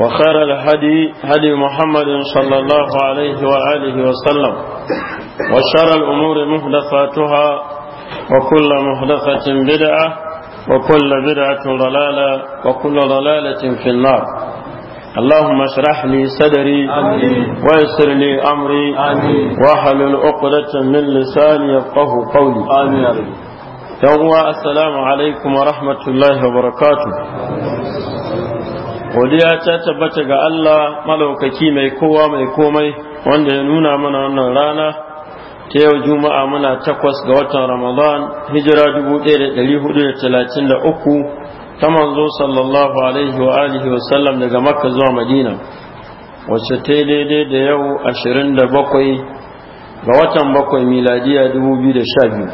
وخير الهدي هدي محمد صلى الله عليه وآله وسلم وشر الأمور محدثاتها وكل محدثة بدعة وكل بدعة ضلالة وكل ضلالة في النار اللهم اشرح لي صدري ويسر لي أمري واحلل عقدة من لساني يفقه قولي آمين يوم السلام عليكم ورحمة الله وبركاته godiya ta tabbata ga Allah malaukaki mai kowa mai komai wanda ya nuna mana wannan rana ta yau juma'a muna takwas ga watan ramadan hijira 1433 ta manzo sallallahu alaihi wa alihi wa sallam daga makka zuwa madina wacce ta daidai da yau 27 ga watan bakwai miladiya 2012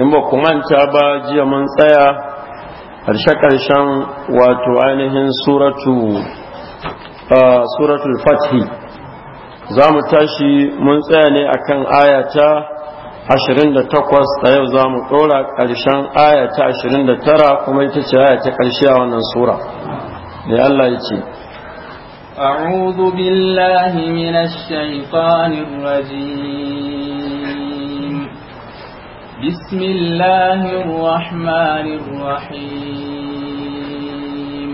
in ba ku manta ba jiya mun tsaya karshe karshen wato ainihin suratul fathi za mu tashi mun tsaya ne a kan ayata 28 da yau za mu ɗora ƙarshen ayata 29 kuma ita ce ayata ƙarshe a wannan sura da Allah ya ce أعوذ بالله من الشيطان الرجيم بسم الله الرحمن الرحيم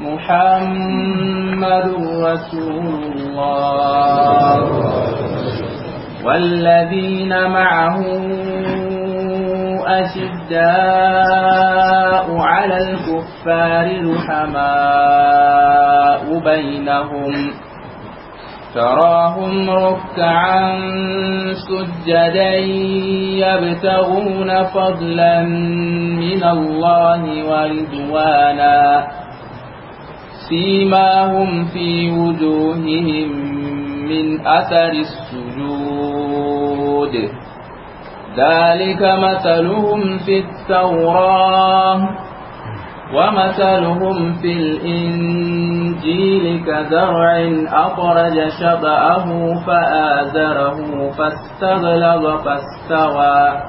محمد رسول الله والذين معه أشداء على الكفار رحماء بينهم تراهم ركعا سجدا يبتغون فضلا من الله ورضوانا سيماهم في وجوههم من أثر السجود ذلك مثلهم في التوراه ومثلهم في الإنجيل كزرع أخرج شبأه فآزره فاستغلظ فاستوى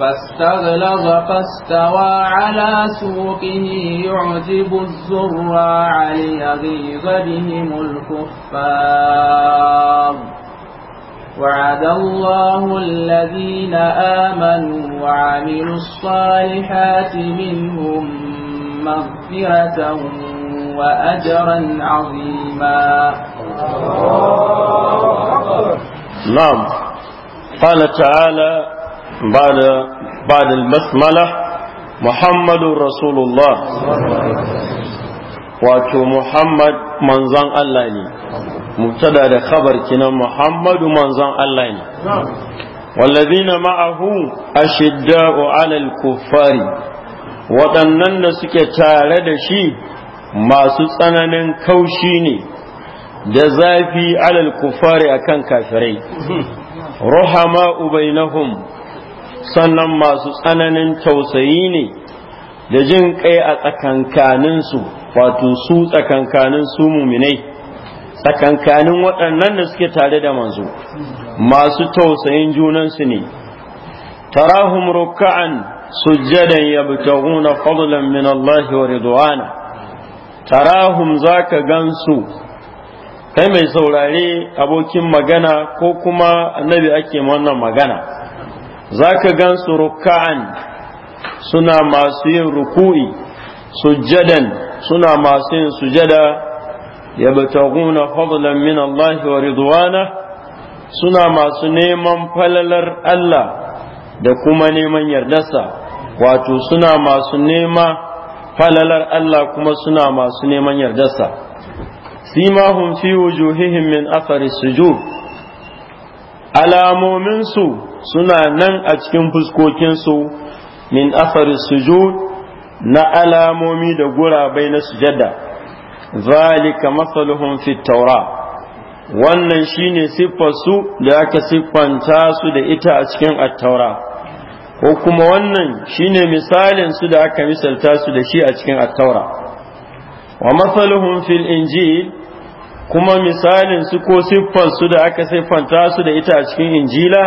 فاستغلظ فاستوى على سوقه يعجب الزراع ليغيظ بهم الكفار وعد الله الذين آمنوا وعملوا الصالحات منهم مغفرة وأجرا عظيما نعم قال تعالى بعد بعد البسملة محمد رسول الله wato Muhammad manzon Allah ne mubtada da khabar kinan muhammadu manzon Allah ne wallazina ma'ahu ashidda'u 'alal kuffari waɗannan da suke tare da shi masu tsananin kaushi ne da zafi 'alal kuffari akan kafirai mhm. rahama ubainahum sannan masu tsananin tausayi ne da jin kai a tsakankaninsu wato su tsakankanin su muminai tsakankanin waɗannan da suke tare da manzo masu tausayin junansu ne tarahum ruka'an sujjadan yabtaguna fadlan min Allah wa ridwana tarahum zaka gansu kai mai saurare abokin magana ko kuma annabi ake wannan magana zaka gansu ruka'an suna masu yin ruku'i sujjadan suna masu yin sujada yabtaguna fadlan min Allah wa ridwana suna masu neman falalar Allah da kuma neman yardarsa wato suna masu nema falalar Allah kuma suna masu neman yardarsa simahum fi wujuhihim min athari sujud alamominsu suna nan a cikin fuskokinsu min athari sujud na alamomi da gurabai na sujada zalika masaluhum fi taura wannan shine sifar su da aka siffanta su da ita a cikin attaura ko kuma wannan shine misalin su da aka misalta su da shi a cikin attaura wa masaluhum fil injil kuma misalin su ko siffar su da aka siffanta su da ita a cikin injila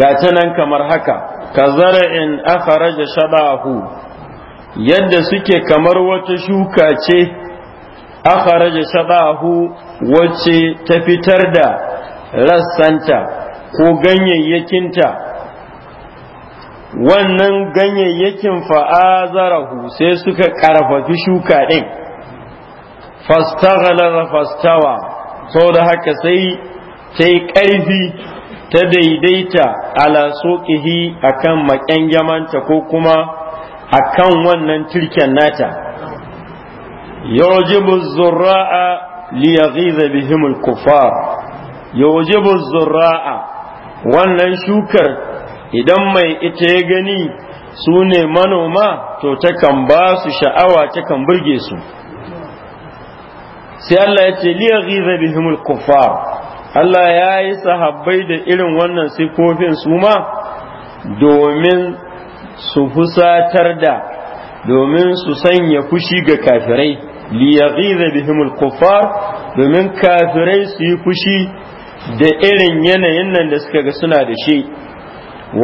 ga ta nan kamar haka ka zara'in akharaja shabahu yadda suke kamar wata shuka ce akharaja shadahu wacce ta fitar da rassanta ko ganyayyakinta wannan ganyayyakin fa'azarahu sai suka karfafi shuka ɗin fastaghalar fastawa sau da haka sai ta yi ƙarfi ta daidaita ala soƙihi akan maƙyan ko kuma akan wannan turken nata yujibu zurra'a li yaghiza bihim al-kuffar wannan shukar idan mai ita ya gani su ne manoma to takan ba su sha'awa takan burge su sai Allah ya ce liya ghiza bihimul kuffar Allah ya yi sahabbai da irin wannan sifofin su ma domin su fusatar da domin su sanya fushi ga kafirai li yaghiza bihim al-kuffar domin kafirai su yi fushi da irin yanayin nan da suka ga suna da shi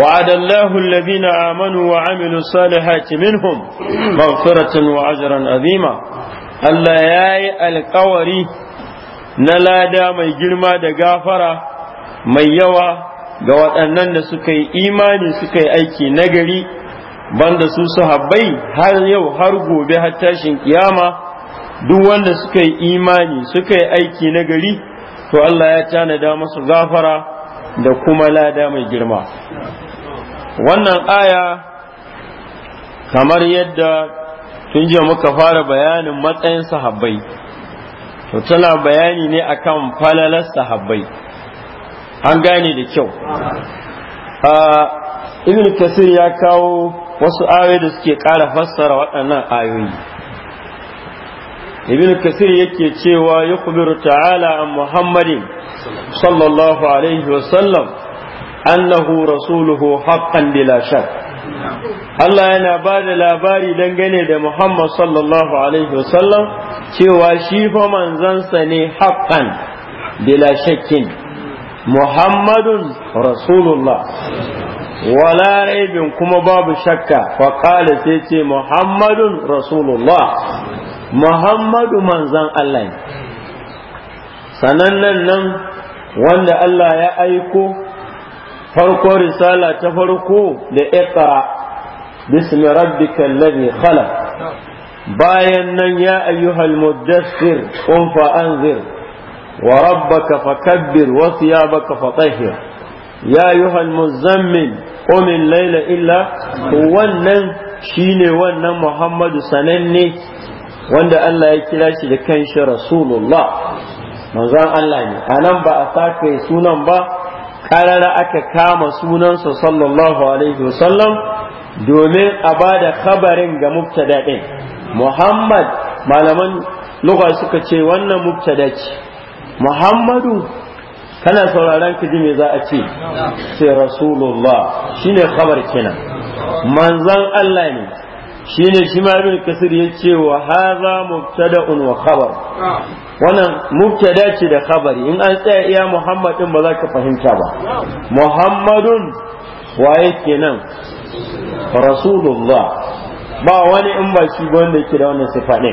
وعد الله الذين آمنوا وعملوا الصالحات منهم مغفرة وأجرا عظيما Allah ya yi alkawari na lada mai girma da gafara mai yawa ga waɗannan da suka yi imani suka yi aiki nagari banda su sahabbai har yau har gobe har tashin ƙiyama. duk wanda suka yi imani suka yi aiki na gari to Allah ya tanada masu gafara da kuma lada mai girma wannan aya kamar yadda tun jiya muka fara bayanin matsayin sahabbai to tana bayani ne akan falalar sahabbai an gane da kyau ibn kasir ya kawo wasu ayoyi da suke ƙara fassara waɗannan ayoyi ibn kasir yake cewa ya kubiru ta'ala a muhammadin sallallahu alaihi wasallam annahu rasuluhu haqqan bila shak Allah yana ba da labari dangane da Muhammad sallallahu alaihi wasallam cewa shi fa manzansa ne haqqan bila shakkin Muhammadun Rasulullah wala raibin kuma babu shakka fa sai ce Muhammadun Rasulullah muhammadu manzan Allah ne sanannen nan wanda Allah ya aiko farko risala ta farko da ikra bismi rabbikal ladhi khalaq bayan nan ya ayyuhal mudaththir qum fa anzir wa rabbaka fakabbir wa thiyabaka fatahhir ya ayyuhal muzammil qum al laila illa wannan shine wannan muhammadu sananne wanda Allah ya kira shi da kanshi rasulullah manzon Allah ne anan ba a sake sunan ba karara aka kama sunansa sallallahu alaihi wasallam domin a ba da khabarin ga mubtada din Muhammad malaman lugha suka ce wannan mubtada ce Muhammadu kana sauraron ka ji me za a ce sai rasulullah shine khabar kenan manzon Allah ne shine shi ma ibn kasir ya ce wa hadha mubtada'un wa khabar wannan mubtada ce da khabari in an tsaya iya muhammadin ba za ka fahimta ba muhammadun Wa ke nan? rasulullah ba wani in ba shi ba wanda yake da wannan sifa ne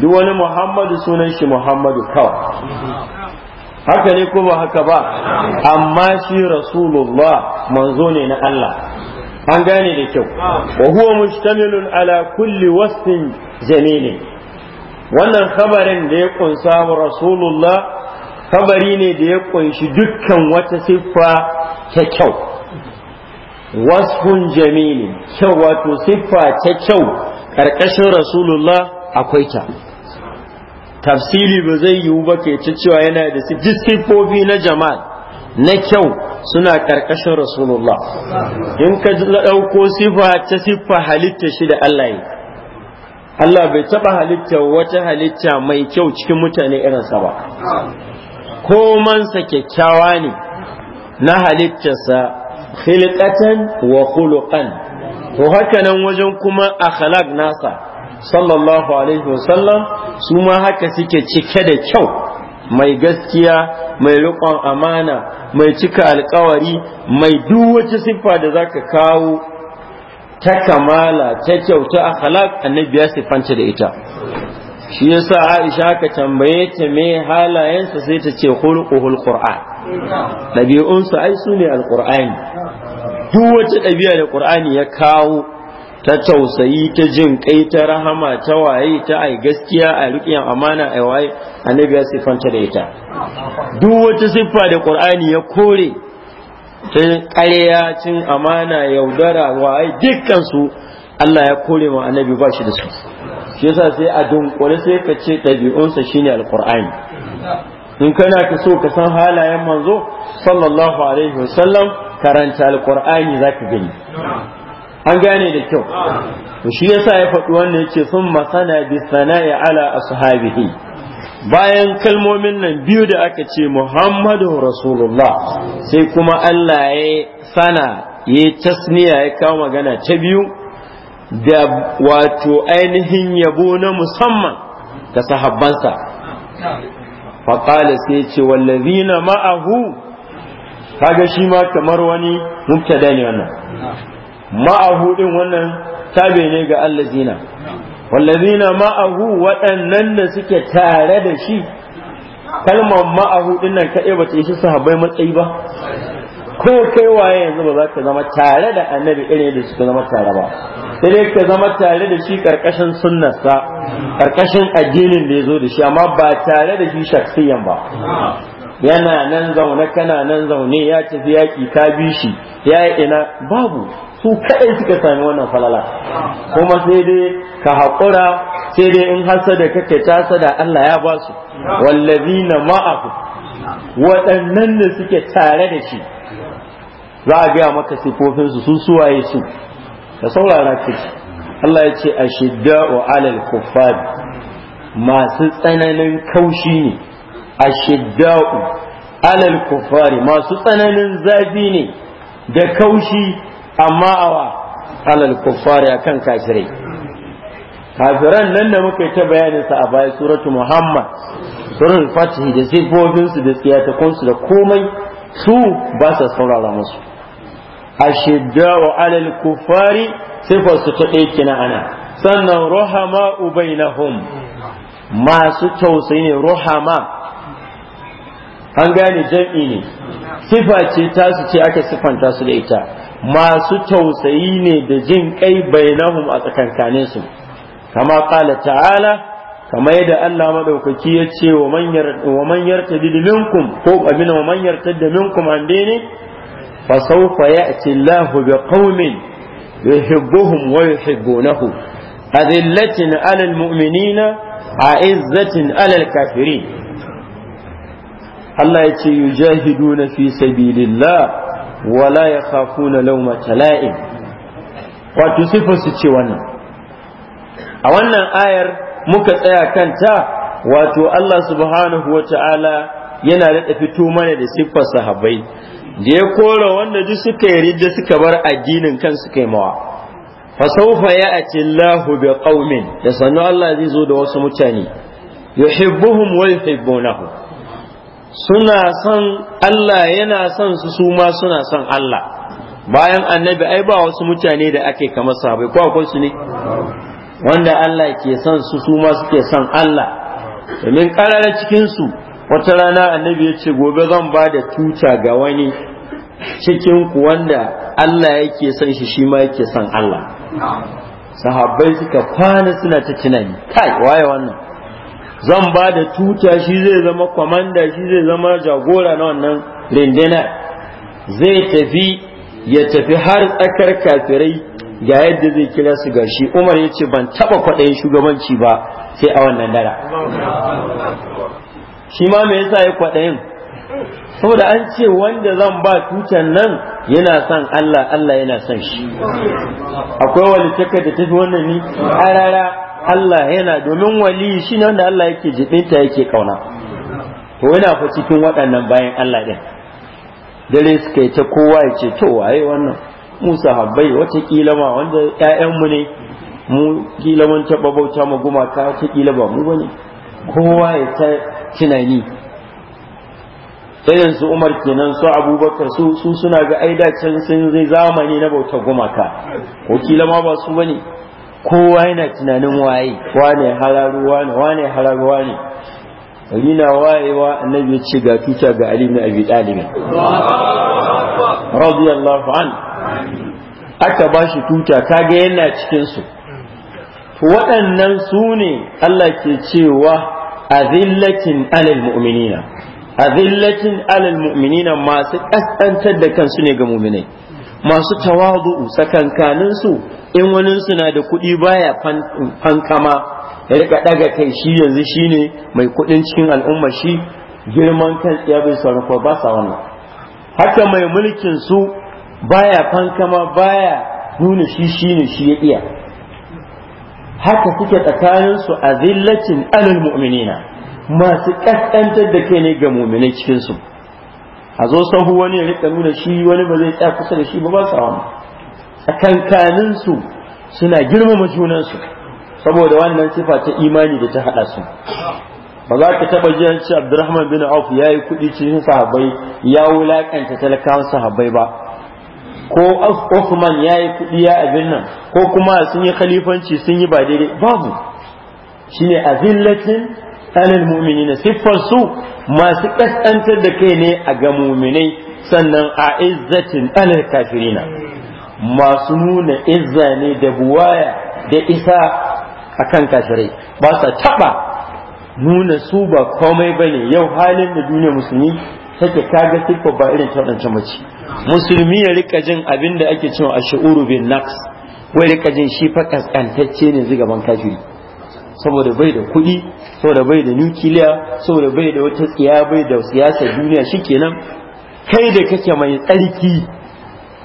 duk wani muhammadu sunan shi muhammadu kawai haka ne ko ba haka ba amma shi rasulullah manzo ne na Allah an gane da kyau wa huwa mujtamilun ala kulli wasfin jamilin wannan khabarin da ya kunsa rasulullah khabari ne da ya kunshi dukkan wata siffa ta kyau wasfun jamilin kyau wato siffa ta kyau karkashin rasulullah akwai ta tafsiri ba zai yiwu ba ke cewa yana da siffofi na jama'a na kyau suna ƙarƙashin rasulullah in ka ɗauko sifa ta siffa halitta shi da Allah yi Allah bai taɓa halitta wata halitta mai kyau cikin mutane irinsa ba komansa kyakkyawa ne na sa. khilqatan wa khuluqan to haka nan wajen kuma akhlaq nasa sallallahu alaihi wasallam su ma haka suke cike da kyau mai gaskiya mai riƙon amana mai cika alkawari mai duk wata siffa da zaka kawo ta kamala ta kyauta a halak annabi ya siffanta da ita shi yasa Aisha ka tambaye ta me halayensa sai ta ce khulquhul qur'an dabi'unsa ai sune alqur'ani duk wata dabi'a da qur'ani ya kawo ta tausayi ta jin kai ta rahama ta waye ta ai gaskiya a riƙiyan amana a waye annabi ya siffanta da ita duk wata siffa da qur'ani ya kore ta ƙarya cin amana yaudara waye dukkan su Allah ya kore ma annabi ba shi da su shi yasa sai a dunkule sai ka ce ɗabi'unsa shine alqur'ani in kana ka so ka san halayen manzo sallallahu alaihi wasallam karanta alqur'ani zaka gani an gane da kyau to shi yasa ya faɗi wannan yace sun masana bi sana'i ala ashabihi bayan kalmomin nan biyu da aka ce Muhammadu Rasulullah sai kuma Allah ya sana ya tasniya ya kawo magana ta biyu da wato ainihin yabo na musamman ga sahabbansa faƙala sai ce wallazina ma'ahu kaga shi ma kamar wani mubtada ne wannan ma'ahu din wannan tabe ne ga allazina wallazina ma'ahu waɗannan da suke tare da shi kalmar ma'ahu din nan kaɗai ba ta yi shi sahabbai matsayi ba ko kai waye yanzu ba za ka zama tare da annabi irin da suka zama tare ba sai dai ka zama tare da shi karkashin sunnarsa karkashin addinin da ya zo da shi amma ba tare da shi shaksiyan ba yana nan zaune kana nan zaune ya tafi yaƙi ka bi shi ya ina babu su kaɗai suka sami wannan falala kuma sai dai ka haƙura sai dai in da kake tasa da Allah ya ba su wallazina ma'ahu waɗannan da suke tare da shi za a gaya maka sifofinsu su suwaye su ka saurara ka Allah ya ce a shidda alal kuffar masu tsananin kaushi ne a alal kuffari masu tsananin zafi ne da kaushi amma awa alal kuffari akan kafirai kafiran nan da muka ta bayanin sa a baya suratu muhammad surun fatih da sifofin su da su da komai su ba sa saurara musu ashidda'u alal kuffari sifar su ta ɗaya kina ana sannan ruhama ubainahum masu tausayi ne ruhama an gane jam'i ne sifa ce tasu ce aka sifanta su da ita masu tausayi ne da jin kai bainahum a tsakankanin su kama kala ta'ala kama yadda Allah madaukaki ya ce wa man yartadi minkum ko amina wa man yartadi minkum an dini fa sawfa ya'ti Allahu bi qaumin yuhibbuhum wa yuhibbunahu adillatin 'alal mu'minina a'izzatin al'a kafirin Allah ya ce yujahiduna fi sabilillah wala ya na lauma tala'in wato sifar su ce wannan a wannan ayar muka tsaya kanta wato Allah subhanahu wa ta'ala yana da fito mana da siffar sahabbai da ya kora wanda duk suka yi suka bar addinin kan suka yi mawa saufa ya ati Allah bi qaumin da sannu Allah zai zo da wasu mutane yuhibbuhum wa yuhibbunahu suna son Allah yana son su su ma suna son Allah bayan annabi ai ba wasu mutane da ake kamar sahabai ko akwai su ne wanda Allah ke son su su ma suke son Allah domin karara cikin su wata rana annabi ya ce gobe zan ba da tuta ga wani cikin ku wanda Allah yake son shi shi ma yake son Allah sahabbai suka kwana suna ta tunani kai waye wannan zan ba da tuta shi zai zama kwamanda shi zai zama jagora na wannan rindina zai tafi ya tafi har tsakar kafirai ga yadda zai kira su ga shi. umar ya ce ban taba kwaɗayin shugabanci ba sai a wannan dara shi ma me yasa ya kwaɗayin saboda an ce wanda zan ba tutan nan yana son Allah Allah yana son shi akwai wani da tafi wannan ni rara Allah yana domin wali shi ne wanda Allah yake jibinta yake ƙauna to yana fa cikin waɗannan bayan Allah ɗin. dare suka yi ta kowa ya ce to waye wannan Musa habbai kila ma wanda ƴaƴanmu ne mu kila mun taɓa bauta mu gumaka kila ba mu bane kowa ya ta tunani irin su Umar kenan su Abubakar su su suna ga aida can sun zai zamani na bauta gumaka ko kila ma ba su bane kowa yana tunanin waye wane halaru wane wane halaru wane gari na wayewa annabi ya ce ga tuta ga ali ibn abi talib radiyallahu an aka ba shi tuta kaga yana cikin su to waɗannan su ne Allah ke cewa azillatin alal mu'minina azillatin alal mu'minina masu kasantar da kansu ne ga mu'minai masu tawadu'u sakankanin su in wani suna da kuɗi baya fankama ya rika daga kai shi yanzu shi ne mai kuɗin cikin al'umma shi girman kan ya bai sarrafa ba sa wannan haka mai mulkin su baya fankama baya nuna shi shi ne shi ya iya haka suke tsakanin su a zillacin alul mu'minina masu kaskantar da kai ne ga mu'minai cikin su a zo sahu wani ya rika nuna shi wani ba zai tsaya kusa da shi ba ba sa wannan tsakankaninsu suna girmama junansu saboda wannan sifa ta imani da ta haɗa su ba za ka taɓa jiyan ci abdurrahman bin auf ya yi kuɗi cikin sahabai ya wulaƙanta talakawan sahabai ba ko Uthman ya yi kuɗi ya abin nan ko kuma sun yi khalifanci sun yi ba daidai babu shine azillatin alal mu'minina siffar su masu kaskantar da kai ne a ga mu'minai sannan a izzatin alal kafirina masu nuna izza ne da buwaya da isa akan kafirai ba sa taba nuna su ba komai ba ne. yau halin da duniya musulmi take kaga siffa ba irin ta mace musulmi ya rika jin abin da ake cewa a ashuru bin naqs wai rika jin shi fa kaskantacce ne gaban kafiri saboda bai da kuɗi saboda bai da nukiliya saboda bai da wata tsiya bai da siyasar duniya shi kenan kai da kake mai tsarki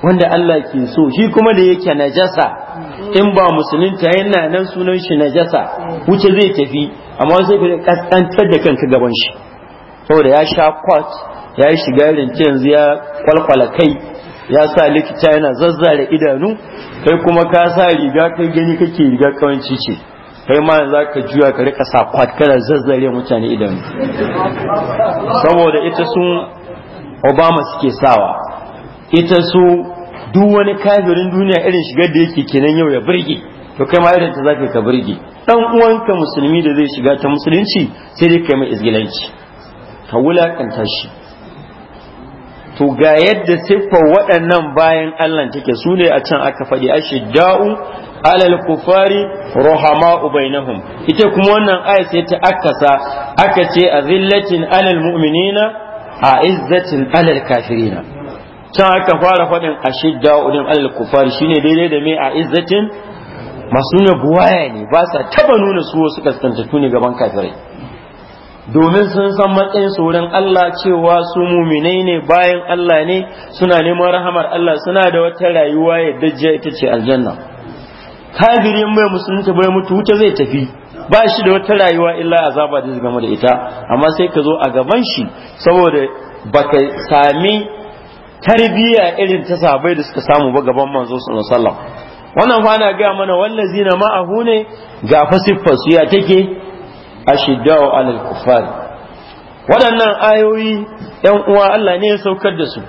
wanda Allah ke so shi kuma da yake najasa mm. in ba musulun ta yana nan sunan shi najasa mm. wuce zai tafi amma sai ka kaskantar da kanka gaban shi saboda ya sha kwat ya yi shiga rinci yanzu ya kwalkwala kai ya sa likita yana zazzare idanu kai kuma ka sa riga kai gani kake riga kawanci ce kai ma za ka juya ka rika sa kwat kana zazzare mutane idanu saboda ita sun obama suke sawa ita so duk wani kafirin duniya irin shigar da yake kenan yau ya burge to kai ma irin ta zaka ka burge dan uwanka musulmi da zai shiga ta musulunci sai dai kai mai izgilanci ka wulakanta shi to ga yadda siffar waɗannan bayan Allah take su ne a can aka faɗi ashidda'u alal kufari rohama ubainahum ita kuma wannan aya sai ta akasa aka ce azillatin alal mu'minina a izzatin alal kafirina can aka fara faɗin ashidda udin alal kufar shine daidai da mai a izzatin masu ne buwaya ne ba sa taba nuna su wasu kaskantattu ne gaban kafirai domin sun san matsayin wurin Allah cewa su muminai ne bayan Allah ne suna neman rahamar Allah suna da wata rayuwa ya dajja ita ce aljanna kafirin mai musulunta bai mutu wuta zai tafi ba shi da wata rayuwa illa azaba da zai gama da ita amma sai ka zo a gaban shi saboda baka sami tarbiyya irin ta sabai da suka samu ba gaban manzo sallallahu alaihi wasallam wannan fa ana ga mana ma ahu ne ga fa su ya take ashiddau alal kufar waɗannan ayoyi yan uwa Allah ne ya saukar da su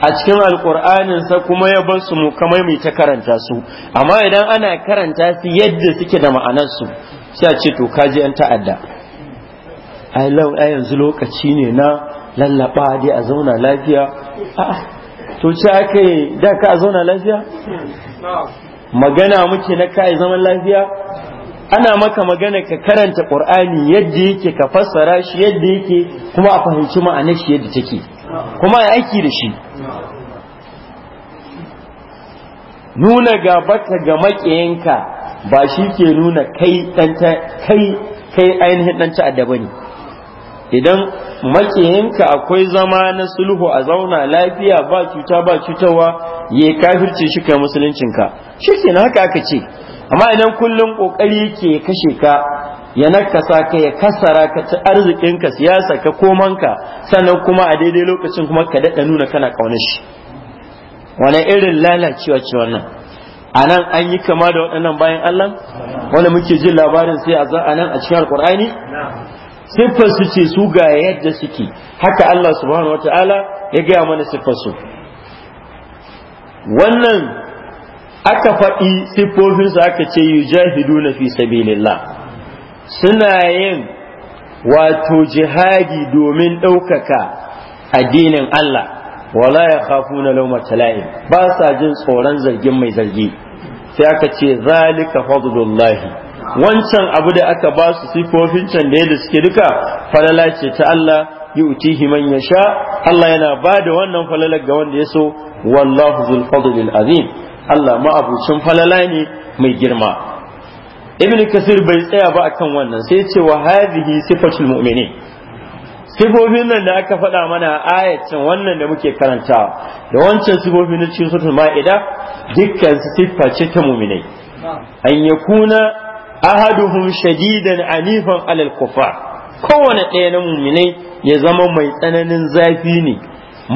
a cikin alkur'anin sa kuma ya bar su mu kamar mai ta karanta su amma idan ana karanta su yadda suke da ma'anar su sai a ce to kaji an ta'adda ai lau yanzu lokaci ne na lallaba dai a zauna lafiya to ce aka yi da ka a zauna lafiya magana muke na kai zaman lafiya ana maka magana ka karanta qur'ani yadda yake ka fassara shi yadda yake kuma a fahimci ma'anar shi yadda take kuma a aiki da shi nuna gabata ga maƙiyanka ba shi ke nuna kai kai kai ainihin ɗan ta'adda ba ne idan makiyinka akwai zama na sulhu a zauna lafiya ba cuta ba cutarwa ya kafirce shi kai musuluncinka shi ke na haka aka ce amma idan kullum kokari ke kashe ka ya nakasa ka ya kasara ka ci arzikinka siyasa ka komanka sannan kuma a daidai lokacin kuma ka daɗa nuna kana ƙauna shi wani irin lalacewa ce wannan a nan an yi kama da waɗannan bayan Allah wanda muke jin labarin sai a nan a cikin alƙur'ani siffar su ce su ga yadda suke haka Allah subhanahu wata'ala ya gaya mana siffarsu su wannan aka faɗi siffofinsu aka ce yujahiduna fi sabilillah suna yin wato jihadi domin ɗaukaka addinin Allah wala ya khafuna lauma tala'im ba sa jin tsoron zargin mai zargi sai aka ce zalika fadlullahi wancan abu da aka ba su sifofin can da yadda suke duka falala ce ta Allah yi utihi man sha Allah yana ba da wannan falalar ga wanda ya so wallahu zul fadlil azim Allah ma'abucin falala ne mai girma ibn kasir bai tsaya ba akan wannan sai ce wa hadhihi sifatul mu'minin sifofin nan da aka faɗa mana ayacin wannan da muke karantawa da wancan sifofin na cikin suratul ma'ida dukkan su ce ta mu'minai an yakuna ahaduhum shadidan anifan alal kufar kowane ɗaya na muminai ya zama mai tsananin zafi ne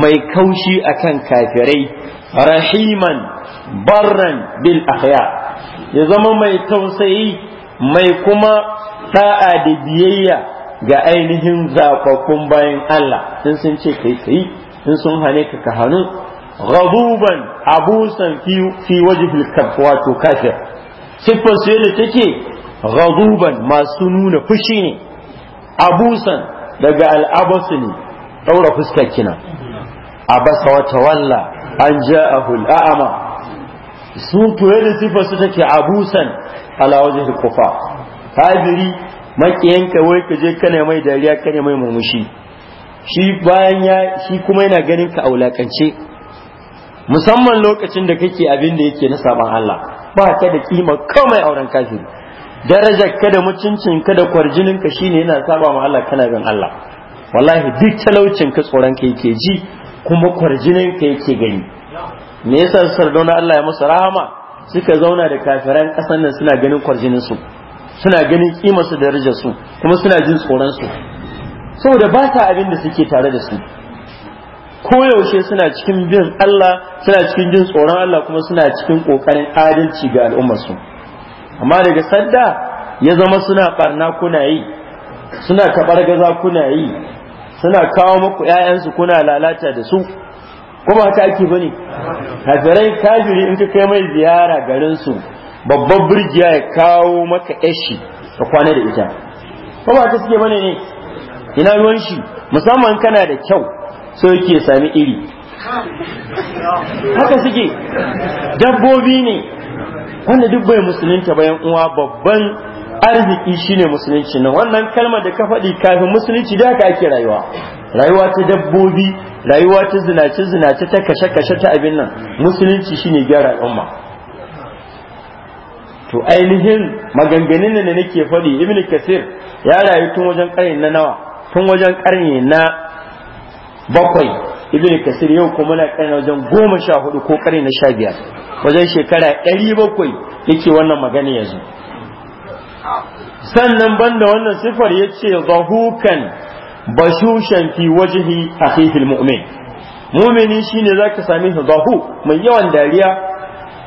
mai kaushi akan kafirai rahiman barran bil ahya ya zama mai tausayi mai kuma ta'a da biyayya ga ainihin zaɓaɓɓun bayan Allah in sun ce kai kai in sun hane ka ka hannu ghaduban abusan fi wajhil kafir wato kafir sifar su yadda take ghaduban masu nuna fushi ne abusan daga al'abasu ne ɗaura fuskar kina abasa wata walla an ja'ahu al'ama su koyar da sifar su take abusan ala wajhi kufa kafiri makiyanka wai ka je kana mai dariya kana mai murmushi shi kuma yana ganin ka aulakance musamman lokacin da kake abin da yake na saban Allah ba ka da kima kamai auren kafiri darajar ka da mutuncin ka da kwarjinin ka shine yana saba ma Allah kana gan Allah wallahi duk talaucin ka tsoron ka yake ji kuma kwarjinin ka yake gani me yasa sardauna Allah ya masu rahama suka zauna da kafiran kasan nan suna ganin kwarjinin su suna ganin kimar su darajar su kuma suna jin tsoron su saboda ba ta abin da suke tare da su koyaushe suna cikin bin Allah suna cikin jin tsoron Allah kuma suna cikin kokarin adalci ga al'ummar su amma daga sadda ya zama suna barna kuna yi suna gaza kuna yi suna kawo maku ƴaƴansu kuna lalata da su kuma haka ake bane kafirai kafiri in ka kai mai ziyara garinsu babban birgiya ya kawo maka yashi ka kwana da ita kuma haka suke bane ne ina ruwan shi musamman kana da kyau so yake sami iri haka suke dabbobi ne wanda duk bai musulunta bayan uwa babban arziki shine musulunci nan wannan kalmar da ka faɗi kafin musulunci da haka ake rayuwa rayuwa ta dabbobi rayuwa ta zinace zinace ta kashe kashe ta abin nan musulunci shine gyara umma to ainihin maganganun da nake faɗi ibnu kasir ya rayu tun wajen ƙarni na nawa tun wajen ƙarni na bakwai ibn kasir yau kuma muna karni wajen goma sha hudu ko karni na sha biyar wajen shekara ɗari bakwai yake wannan magana yanzu sannan banda wannan sifar ya ce zahukan bashushan fi wajihi fihil mu'min mumini shine zaka same shi zahu mai yawan dariya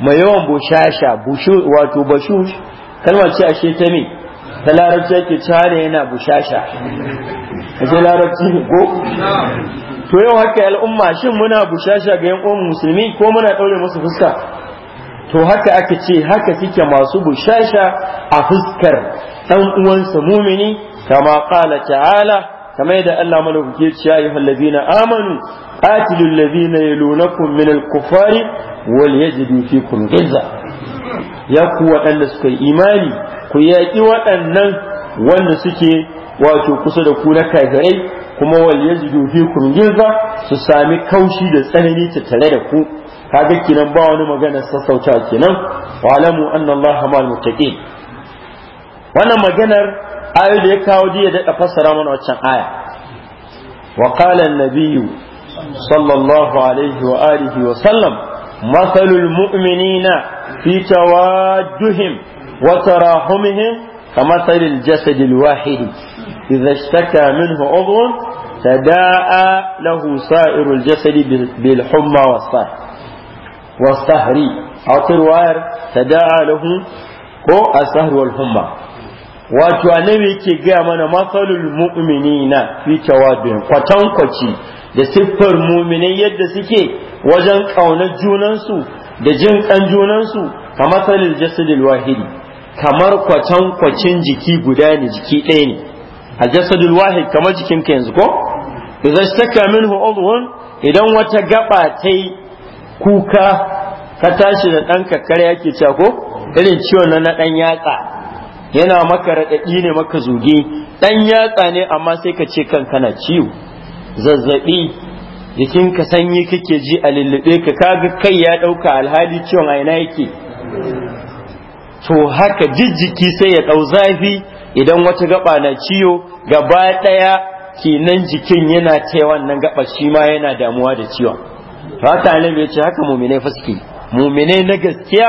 mai yawan bushasha bushu wato bashush kalma ce ta me ta larabci yake tare yana bushasha ashe larabci go to yau haka al'umma shin muna bushasha ga yan uwan musulmi ko muna ɗaure musu fuska to haka aka ce haka suke masu bushasha a fuskar ɗan uwansa mumini kama qala ta'ala kama yadda Allah malaukake ya ce ya ayyuhal amanu qatilul ladina yalunakum al kufari wal yajidu fikum ghizza ya ku waɗanda suka yi imani ku yaƙi waɗannan wanda suke wato kusa da ku na kafirai kuma wal yajidu fikum gilza su sami kaushi da tsanani ta tare da ku kaga kinan ba wani magana sassauta kenan wa alamu anna allaha ma'al muttaqin wannan maganar ayoyi da ya kawo jiya da fassara mana waccan aya wa qala an-nabiyyu sallallahu alaihi wa alihi wa sallam mathalul mu'minina fi tawadduhim wa tarahumihim kamathal al-jasad al-wahid idha ishtaka تداعى له سائر الجسد بالحمى والصهر والصهري أو تروار تداعى له هو السهر والحمى wato annabi yake gaya mana matsalul mu'minina fi tawadduhin kwatankwaci da siffar mu'minai yadda suke wajen ƙaunar junansu da jin ƙan junansu ka matsalil jasadil wahidi kamar kwatankwacin jiki guda ne jiki ɗaya ne aljasadul wahid kamar jikinka yanzu ko idza min minhu udhun idan wata gaba ta kuka ka tashi da ɗan kakkar yake cewa ko irin ciwon na ɗan yatsa yana maka raɗaɗi ne maka zuge ɗan yatsa ne amma sai ka ce kan kana ciwo zazzaɓi jikinka sanyi kake ji a lullube ka kaga kai ya ɗauka alhali ciwon a ina yake to haka jijjiki sai ya ɗau zafi idan wata gaba na ciwo gaba daya kenan jikin yana ta wannan gaba shi ma yana damuwa da ciwon rata annabi yace ce haka muminai fuski suke na gaskiya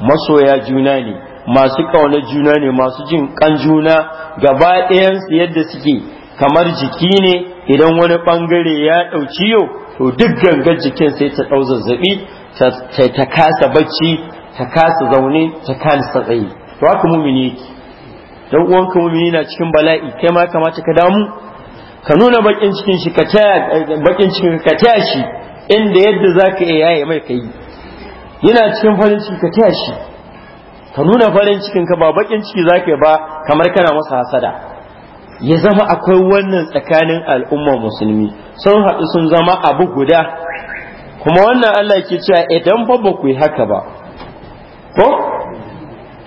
masoya juna ne masu kauna juna ne masu jin kan juna gaba ɗayansu yadda suke kamar jiki ne idan wani bangare ya ɗau ciwo to duk gangar jikin sai ta ɗau zazzaɓi ta kasa bacci ta kasa zaune ta kasa tsaye to haka mumini dan uwanka mumini na cikin bala'i kai ma kamata ka damu ka nuna bakin cikin shi ka taya bakin cikin ka taya shi inda yadda zaka iya yaye mai kai yana cikin farin ciki ka taya shi ka nuna farin cikin ka ba bakin ciki zaka ba kamar kana masa hasada ya zama akwai wannan tsakanin al'umma musulmi sun haɗu sun zama abu guda kuma wannan Allah ke cewa idan fa ba ku yi haka ba ko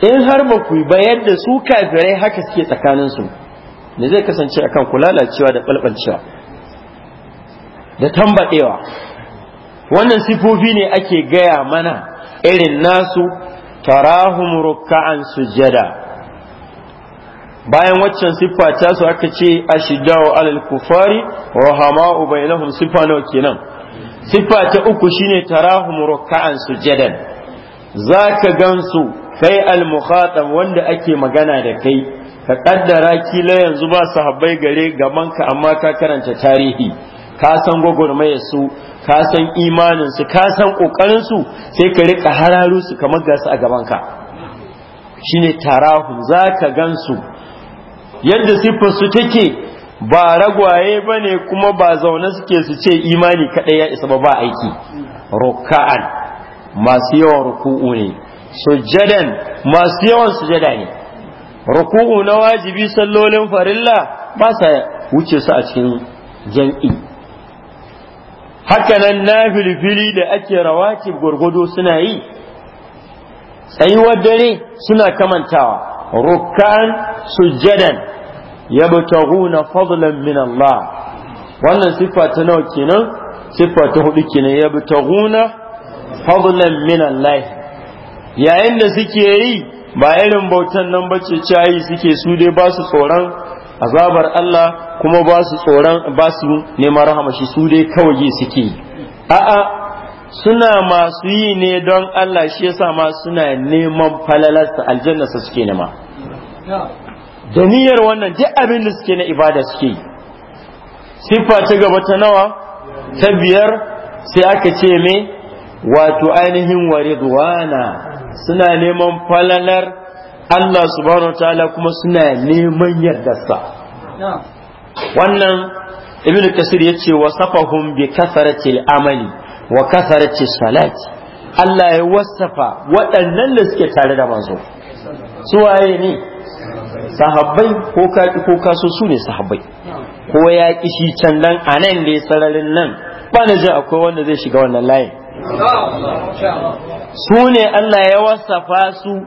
in har ba ku ba yadda su kafirai haka suke tsakaninsu ne zai kasance akan ku lalacewa da ɓalɓalcewa da tambaɗewa wannan sifofi ne ake gaya mana irin nasu tarahum ruka'an sujada bayan waccan siffa ta su aka ce ashidawo alal kufari hama'u bainahum siffa nawa kenan siffa ta uku shine tarahum ruka'an sujadan zaka gansu kai al-mukhatab wanda ake magana da kai ka kaddara kila yanzu ba sahabbai gare gaban ka amma ka karanta tarihi ka san gwagwarmayar su ka san imanin su ka san kokarin su sai ka rika hararu su kamar ga su a gaban ka shine tarahu zaka su. yadda siffar su take ba ragwaye bane kuma ba zaune suke su ce imani kaɗai ya isa ba ba aiki ruka'an masu yawan ruku'u ne sujadan masu yawan sujada ne ruku'u na wajibi sallolin farilla ba sa wuce su a cikin jam'i hakanan na filifili da ake rawaci gwargwado suna yi tsayuwar dare suna kamantawa rukkan sujadan yabtaghuna fadlan min Allah wannan siffa ta nawa kenan siffa ta hudu kenan yabtaghuna fadlan min Allah yayin da suke yi ba irin bautan nan bace cayi suke su dai ba su tsoron azabar Allah kuma ba su tsoron ba su neman rahama shi su dai kawai suke a'a suna masu yi ne don Allah shi yasa ma suna neman aljanna su suke nema da niyyar wannan duk abin da suke na ibada suke yi siffa ta gaba ta nawa ta biyar sai aka ce me wato ainihin wa ridwana suna neman falalar Allah subhanahu wa ta'ala kuma suna neman yardarsa wannan ibn kasir ya ce wa safahum bi kasarati amali wa kasarati salat. Allah ya wasafa waɗannan da suke tare da manzo su waye ne sahabbai ko ka ko kaso su ne sahabbai ko ya kishi can nan anan ne sararin nan ba na ji akwai wanda zai shiga wannan layin su ne Allah ya wasafa su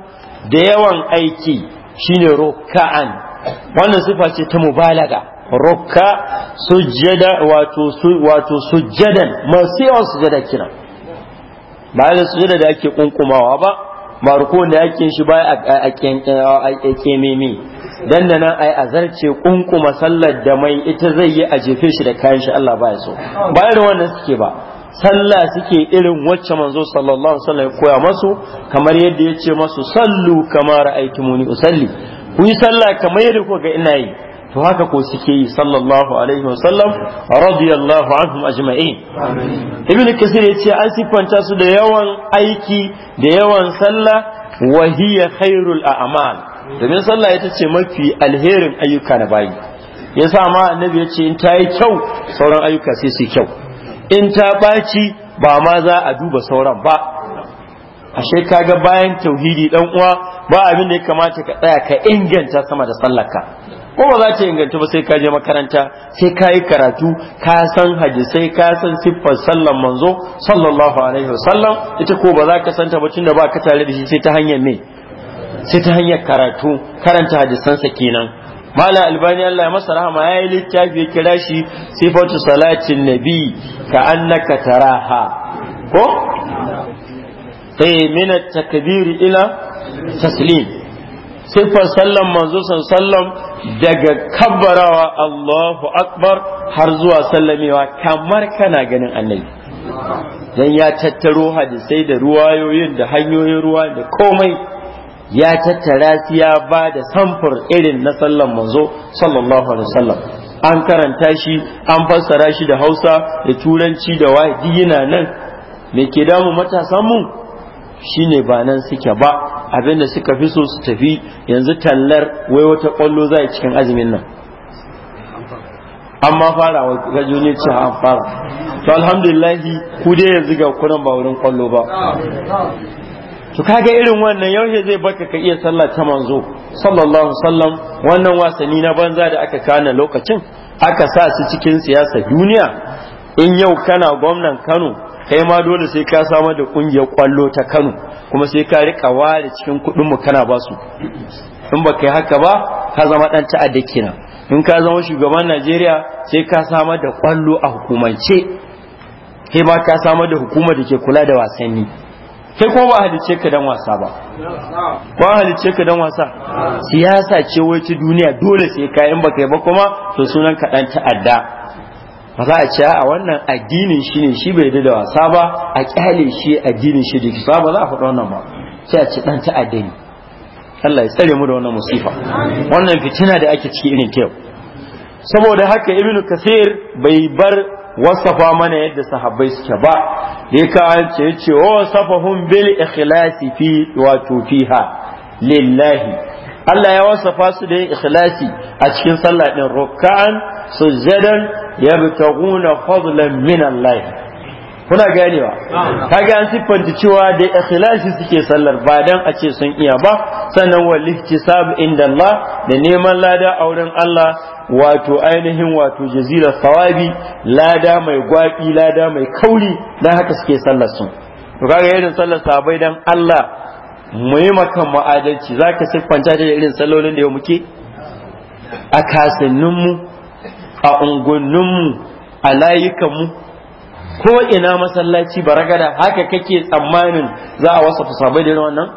da yawan aiki shine rukka'an wannan sifa ce ta mubalaga rukka sujjada wato wato sujjadan masu yawan sujjada kira ba da sujjada da ake kunkumawa ba marukon da ake shi ba a kememi dan da nan ai azarce kunkuma sallar da mai ita zai yi a jefe shi da kayan shi Allah baya so ba irin wannan suke ba sallah suke irin wacce manzo sallallahu alaihi wasallam ya koya masu kamar yadda ya ce masu sallu kama ra'aytumuni usalli ku yi sallah kamar yadda ku ga ina yi to haka ko suke yi sallallahu alaihi wasallam radiyallahu anhum ajma'in ibnu kasir ya ce an siffanta su da yawan aiki da yawan sallah wa hiya khairul a'mal domin sallah ita ce mafi alherin ayyuka na bayi yasa ma annabi ya ce in ta yi kyau sauran ayyuka sai su kyau in ta ɓaci ba ma za a duba sauran ba ashe ga bayan tauhidi dan uwa ba abin da ya kamata ka tsaya ka inganta sama da sallaka. ko ba za ta inganta ba sai ka je makaranta sai ka yi karatu ka san hadisai ka san siffar sallan manzo sallallahu alaihi wasallam ita ko ba za ka san ta ba tunda ba ka tare da shi sai ta hanyar me sai ta hanyar karatu karanta hadisansa kenan malam albani Allah ya masa rahama yi littafi ya kira shi sifatu salatin nabi ka annaka taraha ko eh, min takbir ila taslim sifar sallan manzo sallam daga kabbarawa Allahu akbar har zuwa sallamewa kamar kana ganin annabi dan ya tattaro hadisai da ruwayoyin da hanyoyin ruwa da komai ya tattara su ya ba da samfur irin na sallan manzo sallallahu alaihi wasallam an karanta shi an fassara shi da hausa da turanci da wahidi yana nan me ke damu matasan mu shine ba nan suke ba abinda suka fi so su tafi yanzu tallar wai wata kwallo za cikin azumin nan amma fara wa gajo ne ce an fara to alhamdulillah ku dai yanzu ga kuran ba wurin kwallo ba to kaga irin wannan yaushe zai baka ka iya sallah ta manzo sallallahu sallam wannan wasanni na banza da aka kana lokacin aka sa su cikin siyasa duniya in yau kana gwamnan Kano kai ma dole sai ka samar da kungiyar kwallo ta Kano kuma sai ka rika ware cikin kudin mu kana basu in baka yi haka ba ka zama dan ta'adda kenan in ka zama shugaban Najeriya sai ka samar da kwallo a hukumance kai ma ka samar da hukumar da ke kula da wasanni kai kuma ba halice ka dan wasa ba ba halice ka dan wasa siyasa ce wai duniya dole sai kayan in baka ba kuma to sunan ka dan ta'adda ba za a ce a wannan addinin shi ne shi bai da wasa ba a kyale shi addinin shi da kifa ba za a faɗa wannan ba sai a ce dan ta'adda ne Allah ya tsare mu da wannan musifa wannan fitina da ake ciki irin ta yau saboda haka ibnu kasir bai bar wasafa mana yadda sahabbai suke ba da ka ce ce wa oh, wasafahum bil ikhlasi fi wato fiha lillahi Allah ya wasafa su da ikhlasi a cikin sallah din rukkan sujadan yabtaguna fadlan min Allah kuna ganewa kaga an siffanta cewa da ikhlasi suke sallar ba dan a ce sun iya ba sannan wal ihtisab inda Allah da neman lada a wurin Allah wato ainihin wato jazira sawabi lada mai gwaƙi lada mai kauri dan haka suke sallar sun to kaga irin sallar sabai dan Allah mu makan ma'adalci zaka siffanta da irin sallolin da yau muke a mu, a mu, a layukanmu ko ina masallaci baragada haka kake tsammanin za a wasa fusabai da wannan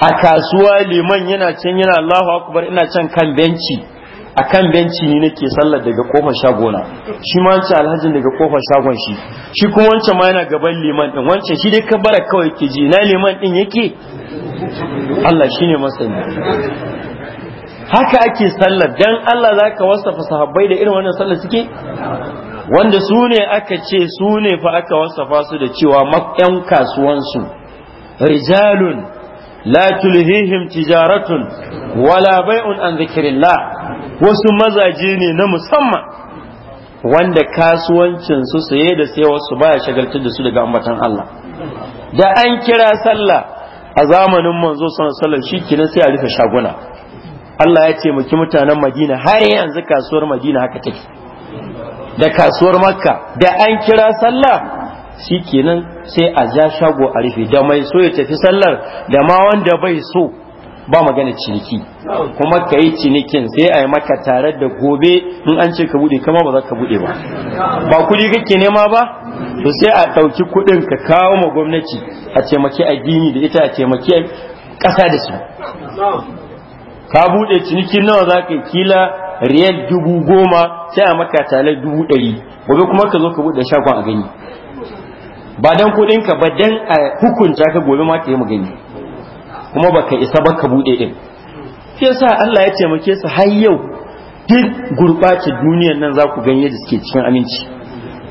a kasuwa liman yana can yana Allahu akbar ina can kan benci a kan benci ne nake sallar daga kofar shagona shi ma wancan alhajin daga kofar shagon shi shi kuma wancan ma yana gaban liman din wancan shi dai kabara kawai ke ji na liman din yake Allah shi ne masani haka ake sallar dan Allah zaka wasafa sahabbai da irin wannan sallar suke wanda su ne aka ce su ne fa aka wasafa su da cewa yan kasuwansu rijalun la tulhihim tijaratun wala bai'un an zikirillah wasu mazaje ne na musamman wanda kasuwancinsu su saye da saye wasu baya shagaltar da su daga ambatan Allah da an kira sallah a zamanin manzo sallallahu alaihi wasallam sai a rufe shaguna Allah ya ce muki mutanen Madina har yanzu kasuwar Madina haka take da kasuwar makka da an kira sallah shi kenan sai a ja shago a rufe da mai so ya tafi sallar da ma wanda bai so ba magana ciniki kuma ka yi cinikin sai a yi maka tare da gobe in an ce ka bude kama ba za ka bude ba ba kudi kake nema ba to sai a ɗauki kudin ka kawo ma gwamnati a taimaki addini da ita a taimaki ƙasa da su ka bude ciniki nawa za ka kila riyal dubu goma sai a maka talar dubu ɗari gobe kuma ka zo ka buɗe shagon a gani ba dan kuɗin ka ba dan a hukunta ka gobe ma ka yi magani kuma baka isa ba ka buɗe ɗin sa Allah ya taimake su har yau duk gurɓacin duniyar nan za ku ganye da suke cikin aminci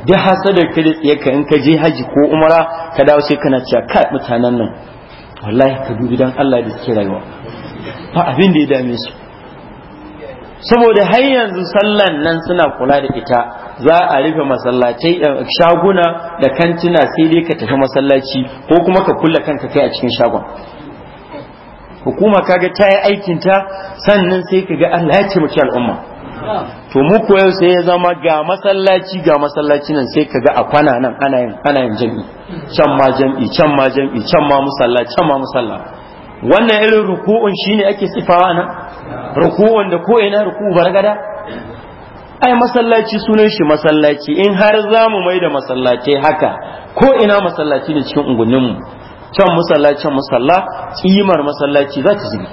duk hasadar ka da ka in ka je haji ko umara ka dawo sai kana cewa ka mutanen nan wallahi ka dubi dan Allah da suke rayuwa ba abin da ya dame su saboda har yanzu sallan nan suna kula da ita za a rufe masallatai eh, shaguna da kantina sai dai ka tafi masallaci ko kuma ka kulle kanka kai a cikin shagon hukuma kaga ta yi aikin ta sannan sai kaga Allah ya taimaki al'umma to mu koyo sai ya zama ga masallaci ga masallaci nan sai kaga a kwana nan ana yin ana yin jami'i can ma jami'i can ma jami'i can ma musalla can ma musalla wannan irin ruku'un shine ake sifawa nan Ruku da ko ina ruku bargada ai masallaci sunan shi masallaci in har za mu mai da masallaci haka ko ina masallaci ne cikin mu can masallacin masalla kimar masallaci za ta zubi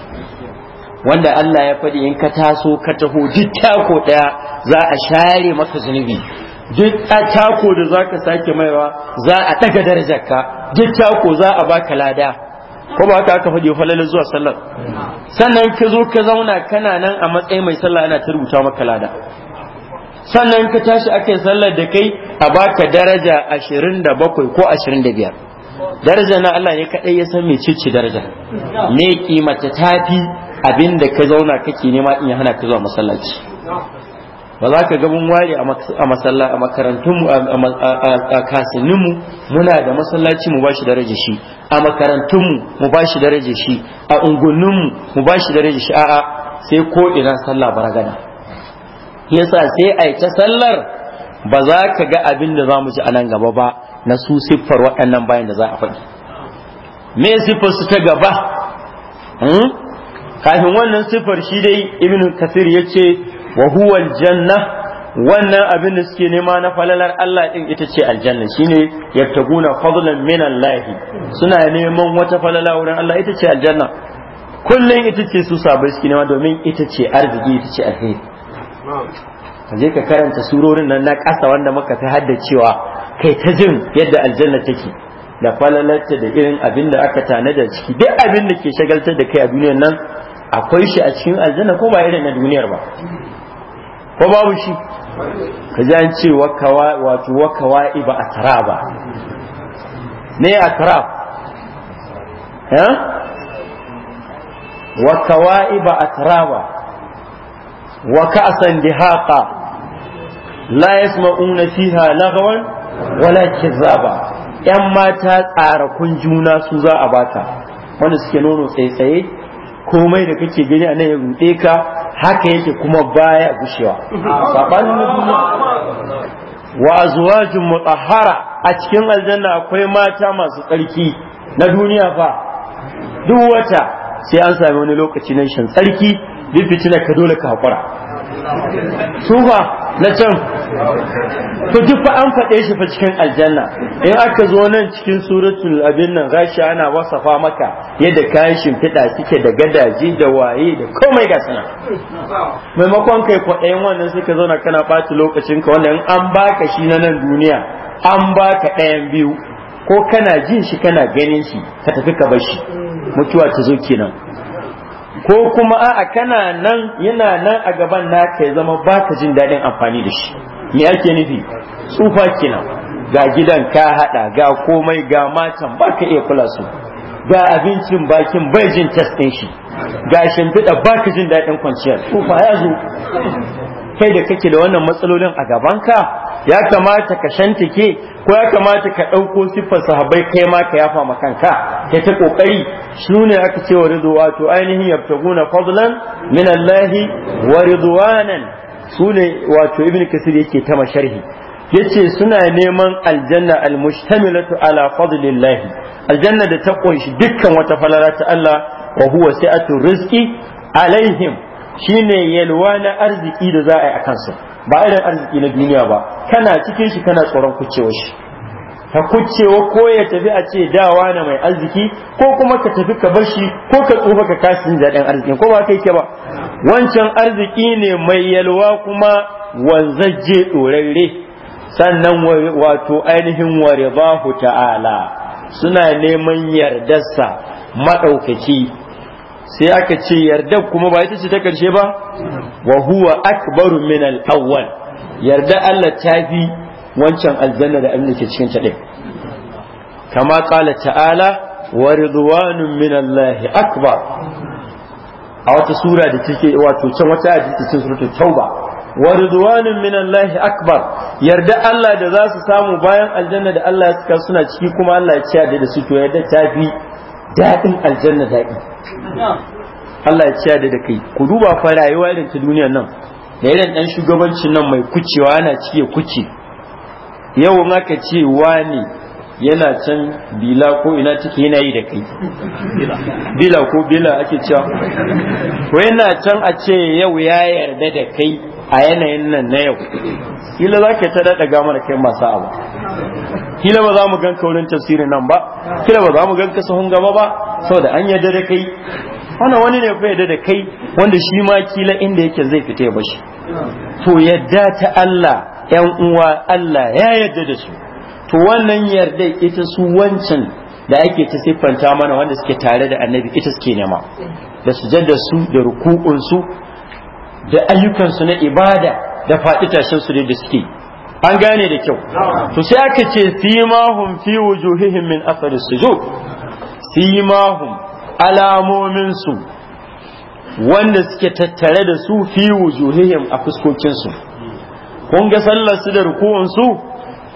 wanda Allah ya faɗi in ka taso ka taho duk tako ɗaya za a share maka zunubi duk a tako da za ka sake maiwa za a ɗaga darajarka duk tako za a baka lada ko ba haka aka faɗi falalar zuwa sallar sannan ka zo ka zauna kana nan a matsayin mai sallah ana ta rubuta maka lada sannan ka tashi ake sallar da kai a baka daraja ashirin da ko ashirin da biyar daraja na Allah ne kaɗai ya san cici daraja me kimata tafi abin da ka zauna kake nema in ya hana ka zuwa masallaci ba za ka ga mun a masalla a makarantun a kasinin mu muna da masallaci mu bashi daraja shi a makarantun mu mu bashi daraja shi a ungunnin mu mu bashi daraja shi a'a sai ko ina sallah baragada yasa sai a ta sallar ba za ka ga abin da za ji a nan gaba ba na su siffar waɗannan bayan da za a faɗi me siffar su ta gaba hmm? kafin wannan siffar shi dai ibnu kasir ya ce wa huwa aljanna wannan abin da suke nema na falalar Allah din ita ce aljanna shine yattaguna fadlan min Allah suna neman wata falala wurin Allah ita ce aljanna kullum ita ce su sabai suke nema domin ita ce arziki ita ce alheri ka je ka karanta surorin nan na kasa wanda muka fi haddacewa kai ta jin yadda aljanna take da falalarta da irin abin da aka da ciki duk abin da ke shagaltar da kai a duniyar nan akwai shi a cikin aljanna ko ba irin na duniyar ba ko babu shi ka ji an ce wato wakawa iba a ba ne a tarab wakawa iba a ba waka sandi haka la yasma'una fiha lagawar wala ba yan mata tsarakun juna su za a bata wanda suke nono tsaye tsaye komai da kake gani a nan ya ka haka yake kuma baya gushewa sabanin na wa azwajun mutahhara a cikin aljanna akwai mata masu tsarki na duniya fa duk wata sai an sami wani lokaci na shan tsarki duk fitina ka dole ka hakura su na can to duk fa an faɗe shi fa cikin aljanna in aka zo nan cikin suratul abin nan gashi ana wasafa maka yadda kayan shimfiɗa suke da gadaji da waye da komai ga sana maimakon kai kwaɗayin wannan suka zo na kana baci lokacin ka wannan an baka shi na nan duniya an baka ɗayan biyu ko kana jin shi kana ganin shi ka tafi ka bar shi mutuwa ta zo kenan ko kuma a kana nan yana nan a gaban naka ya zama ba ka jin daɗin amfani da shi me ake nufi tsufa kenan ga gidan ka haɗa ga komai ga matan ba ka iya kula su ga abincin bakin bai jin tas ɗin shi ga shimfiɗa ba ka jin daɗin kwanciyar tsufa ya zo kai da kake da wannan matsalolin a gabanka ya kamata ka shantike? ko ya kamata ka ɗauko siffar sahabai kai ma ka yafa ma kanka kai ta kokari su ne aka ce wa ridwa to ainihin yabtaguna fadlan min Allah wa ridwanan su ne wato ibn kasir yake ta masharhi yace suna neman aljanna almustamilatu ala fadlillah aljanna da ta ƙunshi dukkan wata falala ta Allah wa huwa sa'atu rizqi alaihim shine yalwa na arziki da za a yi a kansu ba irin arziki na duniya ba kana cikin shi kana tsoron kucewa shi ka kucewa ko ya tafi a ce dawa na mai arziki ko kuma ka tafi ka bar shi ko ka tsufa ka kasin daɗin arziki ko ba kai ke ba wancan arziki ne mai yalwa kuma wanzaje ɗorarre sannan wato ainihin warabahu ta'ala suna neman yardarsa maɗaukaki sai aka ce yarda kuma ba ita ce ta karshe ba wa huwa akbaru min al-awwal yarda Allah ta fi wancan aljanna da abin da ke cikin ta din kama qala ta'ala wa ridwanun min Allah akbar a wata sura da take wato can wata ayat cikin suratul tauba wa ridwanun minallahi akbar yarda Allah da za su samu bayan aljanna da Allah ya suka suna ciki kuma Allah ya ciya da su to yarda ta fi. daɗin aljanna daɗi Allah ya ciya da kai ku duba fa rayuwa irin ta duniyar nan da irin ɗan shugabancin nan mai kucewa yana cike kuce yau in aka ce wani yana can bila ko ina take yana yi da kai bila ko bila ake cewa ko yana can a ce yau ya yarda da kai a yanayin nan na yau kila za ka ta daɗa gamar kai masu abu kila ba za mu ganka wurin tasiri nan ba kila ba za mu ganka sahun gaba ba saboda an yarda da kai wannan wani ne fa da kai wanda shi ma kila inda yake zai fita ya bashi to yadda ta Allah yan uwa Allah ya yarda da su to wannan yarda ita su wancan da ake ta siffanta mana wanda suke tare da annabi ita suke nema da sujjada su da ruku'un su da ayyukansu na ibada da faɗi tashin su da suke an gane da kyau to sai aka ce simahum fi wujuhihim min asari sujud simahum alamomin su wanda suke tattare da su fi wujuhihim a fuskokin su kun ga sallar su da rukuwan su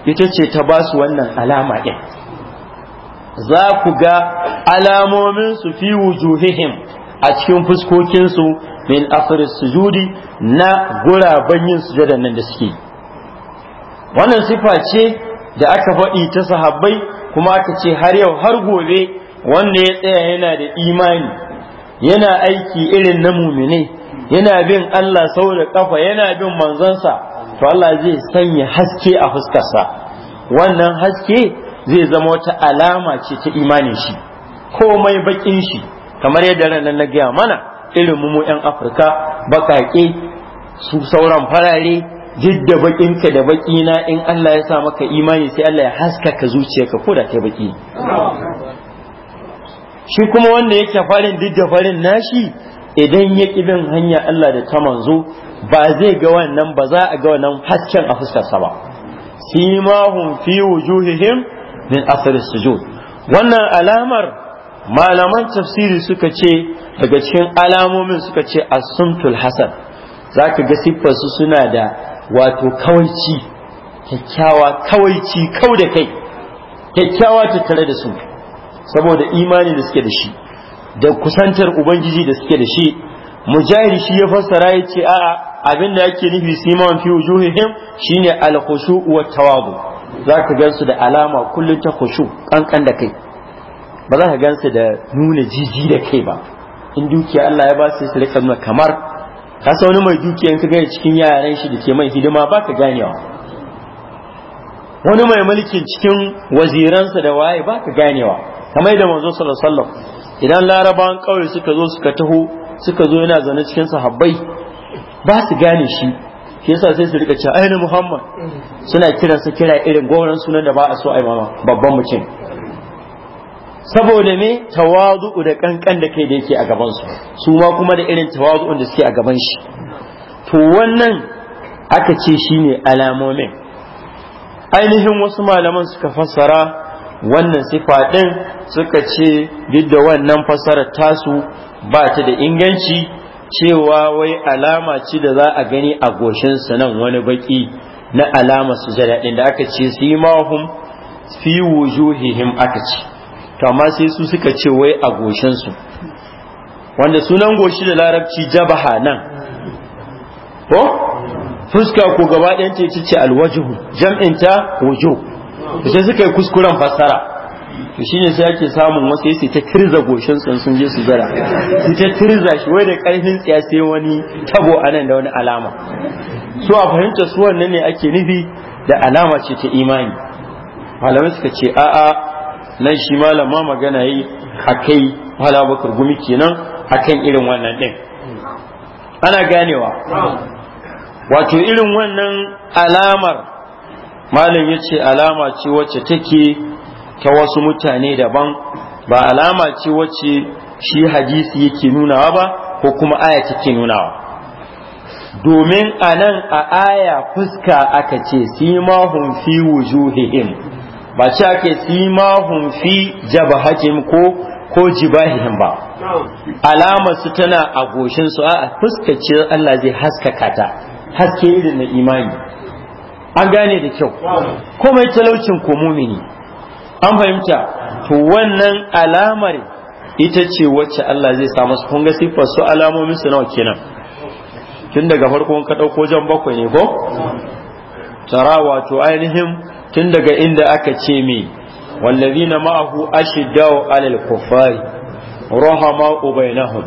ita ce ta ba su wannan alama ɗin. za ku ga alamomin su fi wujuhihim a cikin fuskokin su min asr sujudi na guraben yin sujadan nan da suke wannan sifa ce da aka faɗi ta sahabbai kuma aka ce har yau har gobe wanda ya tsaya yana da imani yana aiki irin na mumine yana bin Allah sau da kafa yana bin manzansa to Allah zai sanya haske a fuskarsa wannan haske zai zama wata alama ce ta imanin shi komai bakin shi kamar yadda ranar na gaya mana irin mu 'yan afirka baƙaƙe su sauran farare duk da bakinka da bakina in Allah ya sa maka imani sai Allah ya haskaka zuciyarka ko da kai baki shi kuma wanda yake farin duk da farin nashi idan ya bin hanya Allah da ta manzo ba zai ga wannan ba za a ga wannan hasken a fuskarsa ba simahum fi wujuhihim min asr sujud wannan alamar malaman tafsiri suka ce daga cikin alamomin suka ce asumtul hasan zaka ga siffarsu suna da wato kawaici kyakkyawa kawaici kau da kai kyakkyawa tattare da su saboda imani da suke da shi da kusantar ubangiji da suke da shi mujahid shi ya fassara ya ce a'a abin da yake nufi siman fi wujuhihim shine al-khushu' wa tawadu zaka gansu da alama kullun ta khushu kankan da kai ba za ka gansu da nuna jiji da kai ba in dukiya Allah ya ba su su rika nuna kamar ka sa wani mai dukiya in ka gani cikin yaran shi da ke mai hidima ba ka ganewa wani mai mulkin cikin waziransa da waye ba ka ganewa kamar da manzo sallallahu alaihi wasallam idan larabawan kauye suka zo suka taho suka zo yana zaune cikin sahabbai ba su gane shi Ke sa sai su rika cewa ainihin muhammad suna kiransa kira irin gwamnan sunan da ba a so a yi mama babban mutum saboda me tawazu'u da kankan da kai da yake a gaban su su ma kuma da irin tawazu'un da suke a gaban shi to wannan aka ce shine alamomin ainihin wasu malaman suka fassara wannan sifa din suka ce duk da wannan fassarar tasu ba ta da inganci cewa wai alama ce da za a gani a goshin su nan wani baki na alama jira din da aka ce simahum fi wujuhihim aka ce to amma sai su suka ce wai a goshin su wanda sunan goshi da larabci jabaha nan ko fuska ko gaba ɗayan ce ce alwajihu jam'in ta wujo sai suka yi kuskuren fassara to shine sai ake samun wasu sai ta kirza goshin sun sun je su zara su ta kirza shi wai da karfin tsiya sai wani tabo anan da wani alama so a fahimta su wannan ne ake nufi da alama ce ta imani malamai suka ce a'a nan shi malama ma magana yi akai kai bakar gumi kenan akan irin wannan ɗin. ana ganewa wato irin wannan alamar malam ya ce alama ce wacce take ta wasu mutane daban ba alama ce wacce shi hadisi yake nunawa ba ko kuma aya take nunawa domin a nan a aya fuska aka ce simahum fi wujuhihim ba ce ake simahun fi jabahatihim ko ko jibahihim ba alamar su tana a goshin su a fuskaci Allah zai haskaka ta haske irin na imani an gane da kyau komai talaucin ko mumini an fahimta to wannan alamar ita ce wacce Allah zai sa masu kun ga siffar su alamomin su nawa kenan tun daga farkon ka dauko jan bakwai ne ko tara wato ainihin tun daga inda aka ce me na ma'ahu ashidau alal kufari rahama bainahum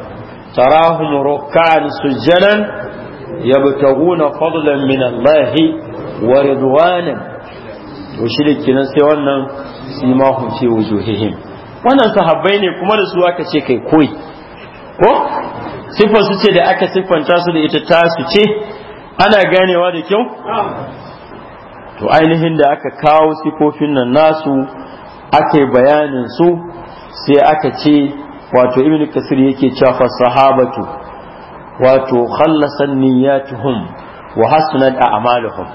tarahum ruk'an sujadan yabtaguna fadlan min Allah wa ridwanan to shi kinan sai wannan simahum fi wujuhihim wannan sahabbai ne kuma da su aka ce kai koyi ko siffar su ce da aka siffanta su da ita tasu ce ana ganewa da kyau to ainihin da aka kawo sifofin nan nasu ake bayanin su sai aka ce wato ibn kasir yake cewa sahabatu wato khallasan niyyatuhum wa hasanat a'maluhum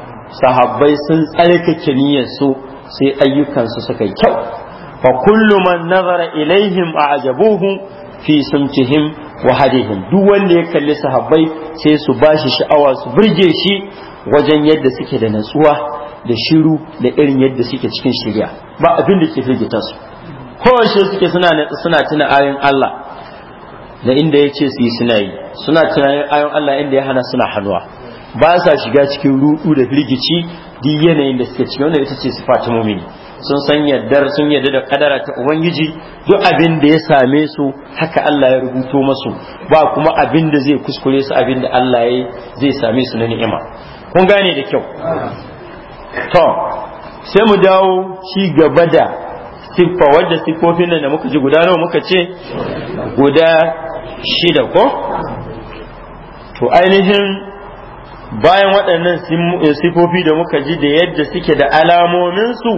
sahabbai sun tsarkake niyyar su sai ayyukansu suka yi kyau fa kullu man nazara ilaihim a'jabuhu fi sumtihim wa hadihim duk wanda ya kalli sahabbai sai su bashi sha'awa su burge shi wajen yadda suke da natsuwa da shiru da irin yadda suke cikin shirya ba abin da ke firgita su kowace suke suna suna tuna Allah da inda ya ce su yi suna yi suna tunanin ayoyin Allah inda ya hana suna hannuwa ba sa shiga cikin ruɗu da firgici di yanayin da suke cikin wannan ita ce su fatimomin. mumini sun san yadda sun yadda da kadara ta ubangiji duk abin da ya same su haka Allah ya rubuto masu ba kuma abin da zai kuskure su abin da Allah ya zai same su na ni'ima kun gane da kyau to sai mu dawo ci gaba da siffa wadda siffofin nan da muka ji guda nawa muka ce guda shida ko to ainihin bayan waɗannan sifofi eh, da muka ji da yadda suke da alamominsu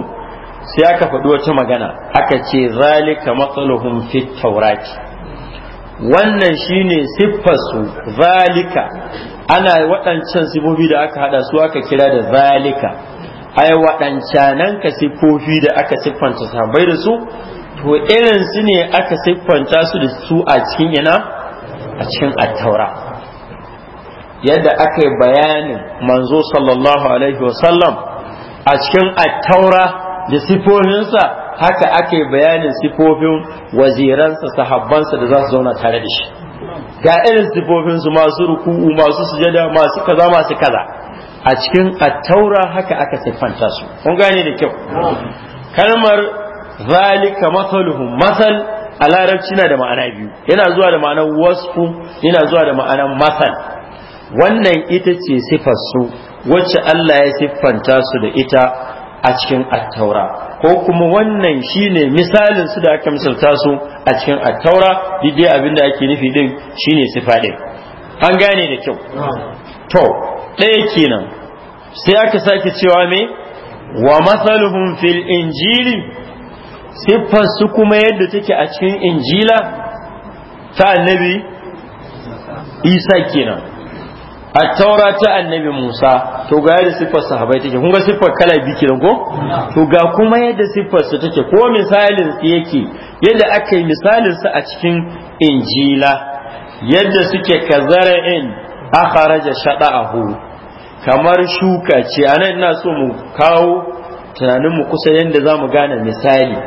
sai aka faɗi wata magana aka ce zalika matsaluhun fit taurati wannan shine siffarsu zalika ana waɗancan sifofin da aka haɗa su aka kira da zalika ai waɗancanan ka siffofi da aka siffanta sahabbai da su to irin su ne aka siffanta su da su a cikin ina a cikin attaura yadda aka yi bayanin manzo sallallahu alaihi wasallam a cikin attaura da siffofinsa haka aka yi bayanin siffofin waziransa sahabbansa da za su zauna tare da shi ga irin siffofinsu masu ruku'u masu sujada masu kaza masu kaza a cikin attaura haka aka siffanta su kun gane da kyau kalmar zalika mathaluhum masal a larabci na da ma'ana biyu yana zuwa da ma'anar wasfu yana zuwa da ma'anar masal wannan ita ce siffar su wacce Allah ya siffanta su da ita a cikin attaura ko kuma wannan shine misalin su da aka misalta su a cikin attaura dai abin da ake nufi din shine sifa din an gane da kyau to ɗaya kenan sai aka sake cewa me wa masaluhum fil injili siffar su kuma yadda take a cikin injila ta annabi isa kenan a taura ta annabi musa to ga yadda siffar sahabai take kun ga siffar kala biyu kenan ko to ga kuma yadda siffar su take ko misalin su yake yadda aka yi misalin su a cikin injila yadda suke kazarin akharaja shada'ahu kamar shuka ce anan ina so mu kawo tunanin mu kusa yadda za mu gane misali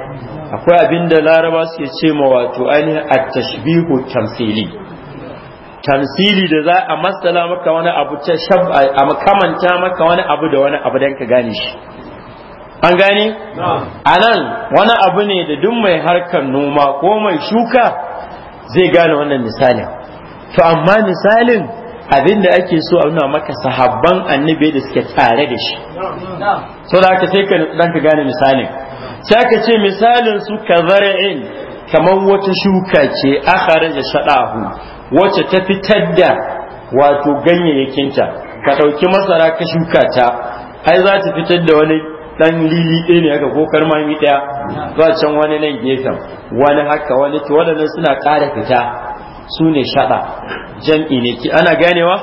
akwai abin da laraba suke ce ma wato ainihin a tashbihu tamsili tamsili da za a matsala maka wani abu ta a makamanta maka wani abu da wani abu don ka gane shi an gane a nan wani abu ne da duk mai harkar noma ko mai shuka zai gane wannan misalin to amma misalin abin da ake so a nuna maka sahabban annabi da suke tare da shi so da haka sai ka dan ka gane misalin sai ka ce misalin su ka zara'in kamar wata shuka ce akhara da shadahu wacce ta fitar da wato ganyayyakinta ka ɗauki masara ka shuka ta ai za ta fitar da wani dan lili ɗaya ne haka ko karmami ɗaya ba can wani nan gefen wani haka wani to wadannan suna ƙara fita su ne shaɗa jam'i ne ki ana ganewa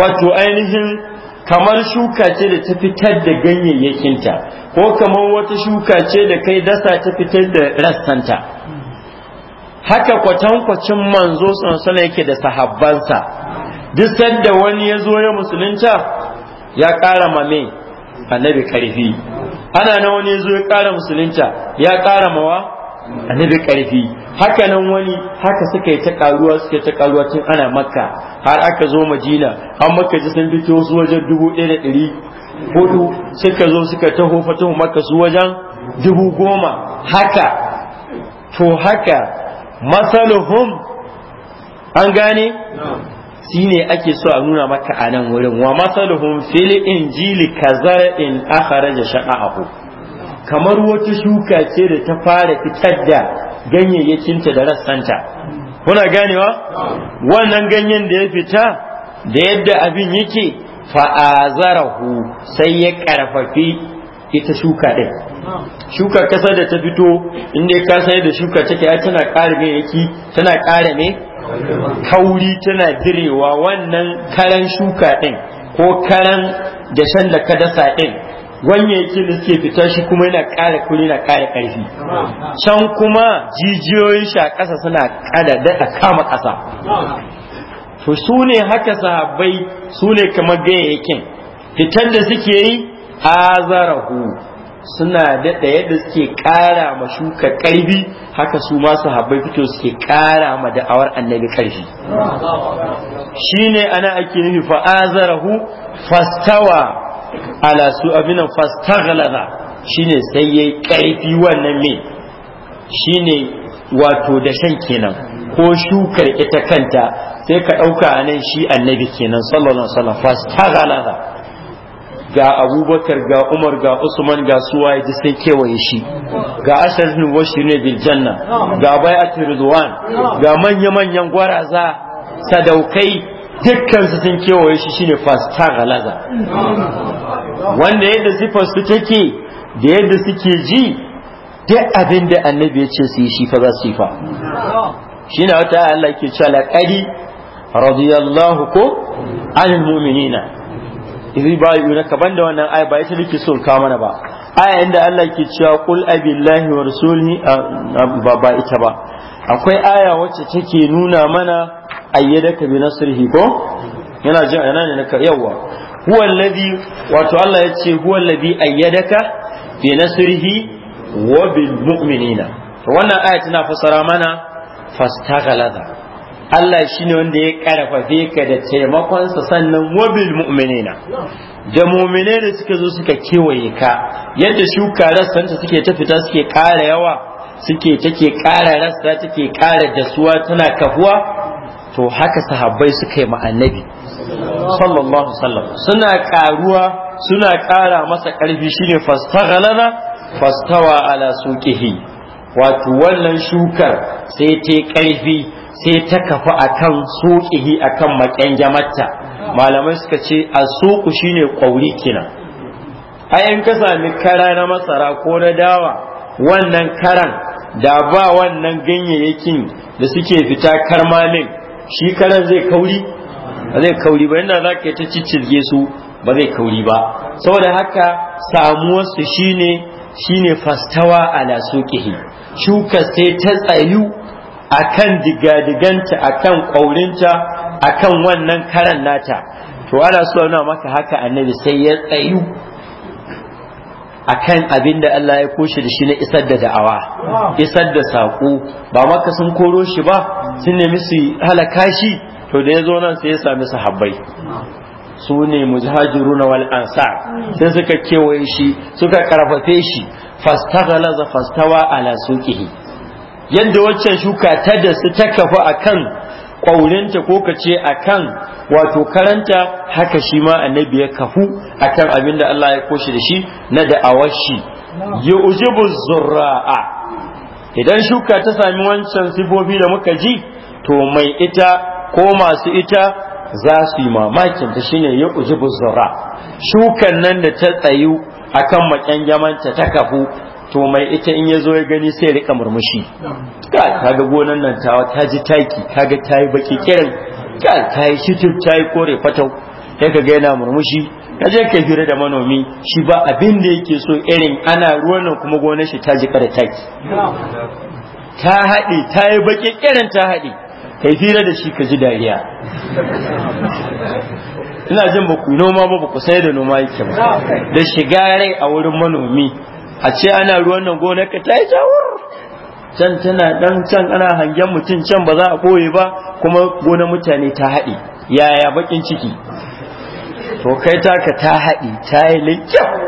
wato ainihin kamar shuka ce da ta fitar da ganyayyakinta ko kamar wata shuka ce da kai dasa ta fitar da rassanta haka kwatankwacin manzo sansana yake da sahabbansa duk sanda wani ya zo ya musulunta ya ƙara mame annabi ƙarfi ana na wani ya zo ya ƙara musulunta ya ƙara mawa annabi karfi haka nan wani haka suka yi ta karuwa suka ta karuwa tun ana makka har aka zo madina an makka ji sun fito su wajen dubu ɗaya da ɗari hudu suka zo suka taho fatahu makka su wajen dubu goma haka to haka masaluhum an gane shi ake so a nuna maka a nan wurin wa masaluhum fil injili in akhraja shaqa'ahu kamar wata shuka ce da ta fara fitar da ganyayyakinta da rassanta kuna ganewa wannan ganyen da ya fita da yadda abin yake fa'azarahu sai ya karfafi ita shuka ɗin shuka ƙasa da ta fito inda ya kasa da shuka take ya tana ƙara ganyayyaki tana ƙara ne kauri tana direwa wannan karan shuka ɗin ko karan dashen da ka dasa ɗin gwanyayyakin da suke fitar shi kuma yana ƙara kuri na ƙara ƙarfi can kuma jijiyoyin shi a suna ƙada da a kama ƙasa to su ne haka sahabbai su ne kamar gayyakin fitar da suke yi azarahu suna daɗa yadda suke ƙara ma shuka ƙarfi haka su masu habbai fito suke ƙara ma da'awar annabi ƙarfi shine ana ake nufi fa'azarahu fastawa ala su abinan fastaghlaza shine sai yayi karfi wannan me shine wato da shan kenan ko shukar ita kanta sai ka dauka anan shi annabi kenan sallallahu alaihi wasallam ga abubakar ga umar ga usman ga suwa duk sai kewaye shi ga ashirin ne bil janna ga bai'atul ridwan ga manya manyan gwaraza sadaukai dukkan su sun kewaye shi shine galaza wanda yadda sifar su take da yadda suke ji duk abin da annabi ya ce su yi shi fa za su yi fa shi na wata Allah ke cewa laqadi radiyallahu ko anil mu'minina na kaban da wannan aya ba ita ke so ka mana ba aya inda Allah ke cewa kul abillahi wa rasulihi ba ba ita ba akwai aya wacce take nuna mana ayyadaka bi nasrihi ko yana jin yana ne naka yawa huwa alladhi wato Allah ya ce huwa alladhi ayyadaka bi nasrihi wa bil mu'minina wannan aya tana fasara mana fastaghalaza Allah shine wanda ya karfafe ka da taimakonsa sannan wa bil mu'minina da mu'mine da suka zo suka kewaye ka yadda shuka rassanta suke ta fita suke ƙara yawa suke take ƙara rassa take ƙara dasuwa tana kafuwa to haka sahabbai suka yi ma'anabi. sallallahu sallam suna karuwa suna kara masa karfi shine fastaghalana fastawa ala suqihi wato wannan shukar sai ta karfi sai ta kafa akan suqihi akan makyanjamarta malamai suka ce a suku shine kwauri kina ai ka sami kara na masara ko na dawa wannan karan da ba wannan ganyayyakin da suke fita karmamin shi karan zai kauri ba zai kauri ba yana za ka ta ciccirge su ba zai kauri ba saboda haka samuwarsu shine shine fastawa ala suqihi shuka sai ta tsayu akan digadiganta akan ƙaurinta akan wannan karan nata to ana so na maka haka annabi sai ya tsayu akan abin da Allah ya koshe da shi na isar da da'awa isar da saƙo ba maka sun koro shi ba sun nemi su halaka shi to da ya zo nan sai ya sami sahabbai su ne na wal ansar sai suka kewaye shi suka karfafe shi za fastawa ala suqihi yadda waccan shuka ta da su ta kafa akan kwaurinta ko kace ce akan wato karanta haka shi ma annabi ya kafu akan abin da Allah ya koshi da shi na da'awar shi yu'jibu zurra'a idan shuka ta sami wancan sifofi da muka ji to mai ita ko masu ita za su yi mamakin ta shine ya uji zura shukan nan da ta tsayu akan yamanta ta kafu to mai ita in ya zo ya gani sai rika murmushi ka ga gonan nan tawa ta ji taki kaga ta yi baki kiran ka ta yi shitif ta yi kore fatau sai ka ga yana murmushi ka je ka hira da manomi shi ba abin da yake so irin ana ruwan nan kuma gonar shi ta jikar da taki ta haɗe ta yi baƙi irin ta haɗe ka hira da shi ka ji dariya ina jin ba ku noma ba ku sai da noma yake ba da shiga rai a wurin manomi a ce ana ruwan nan gonar ka ta yi jawar can tana dan can ana hangen mutum can ba za a ɓoye ba kuma gonar mutane ta haɗe yaya bakin ciki to kai taka ta haɗi ta yi likyau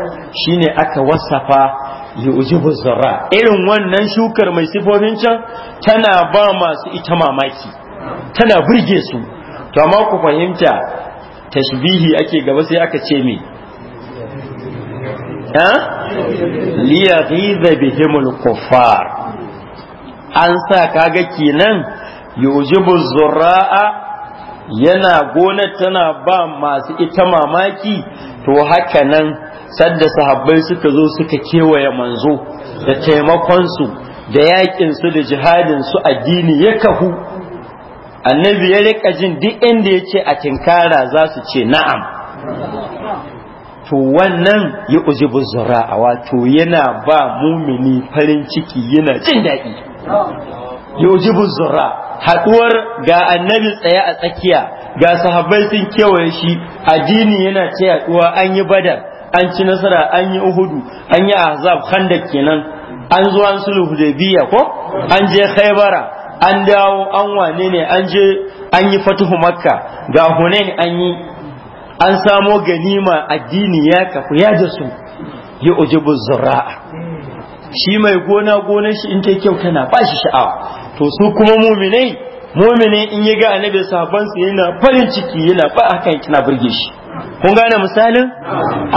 shine aka wasafa yujibu zarra irin wannan shukar mai sifofin can tana ba masu ita mamaki tana burge su to amma ku fahimta tashbihi ake gaba sai aka ce me ha liyaghiza bihimul kuffar an sa kaga kenan yujibu zura'a yana gonar tana ba masu ita mamaki to haka nan sadda sahabbai suka zo suka kewaye manzo da taimakon su, da yaƙinsu da jihadin su, addini ya kahu annabi ya rika jin duk inda ya a tinkara za su ce na'am to wannan ya ujibu a wato yana ba mumini farin ciki yana jin daɗi ya ujibu zura. haɗuwar ga annabi tsaye a tsakiya ga sahabbai sun kewaye shi addini yana ce yaɗuwa an yi badar an ci nasara an yi uhudu an yi ahzab handa kenan an zo an sulhu hudaybiya ko an je khaybara an dawo an wane ne an je an yi fatuhu makka ga hunain an yi an samo ganima addini ya kafu ya da su ya ujibu zura'a shi mai gona gona shi in ta kyau tana ba shi sha'awa to su kuma muminai muminai in yi ga annabi sahabban su yana farin ciki yana ba hakan kina burge shi kun gane misalin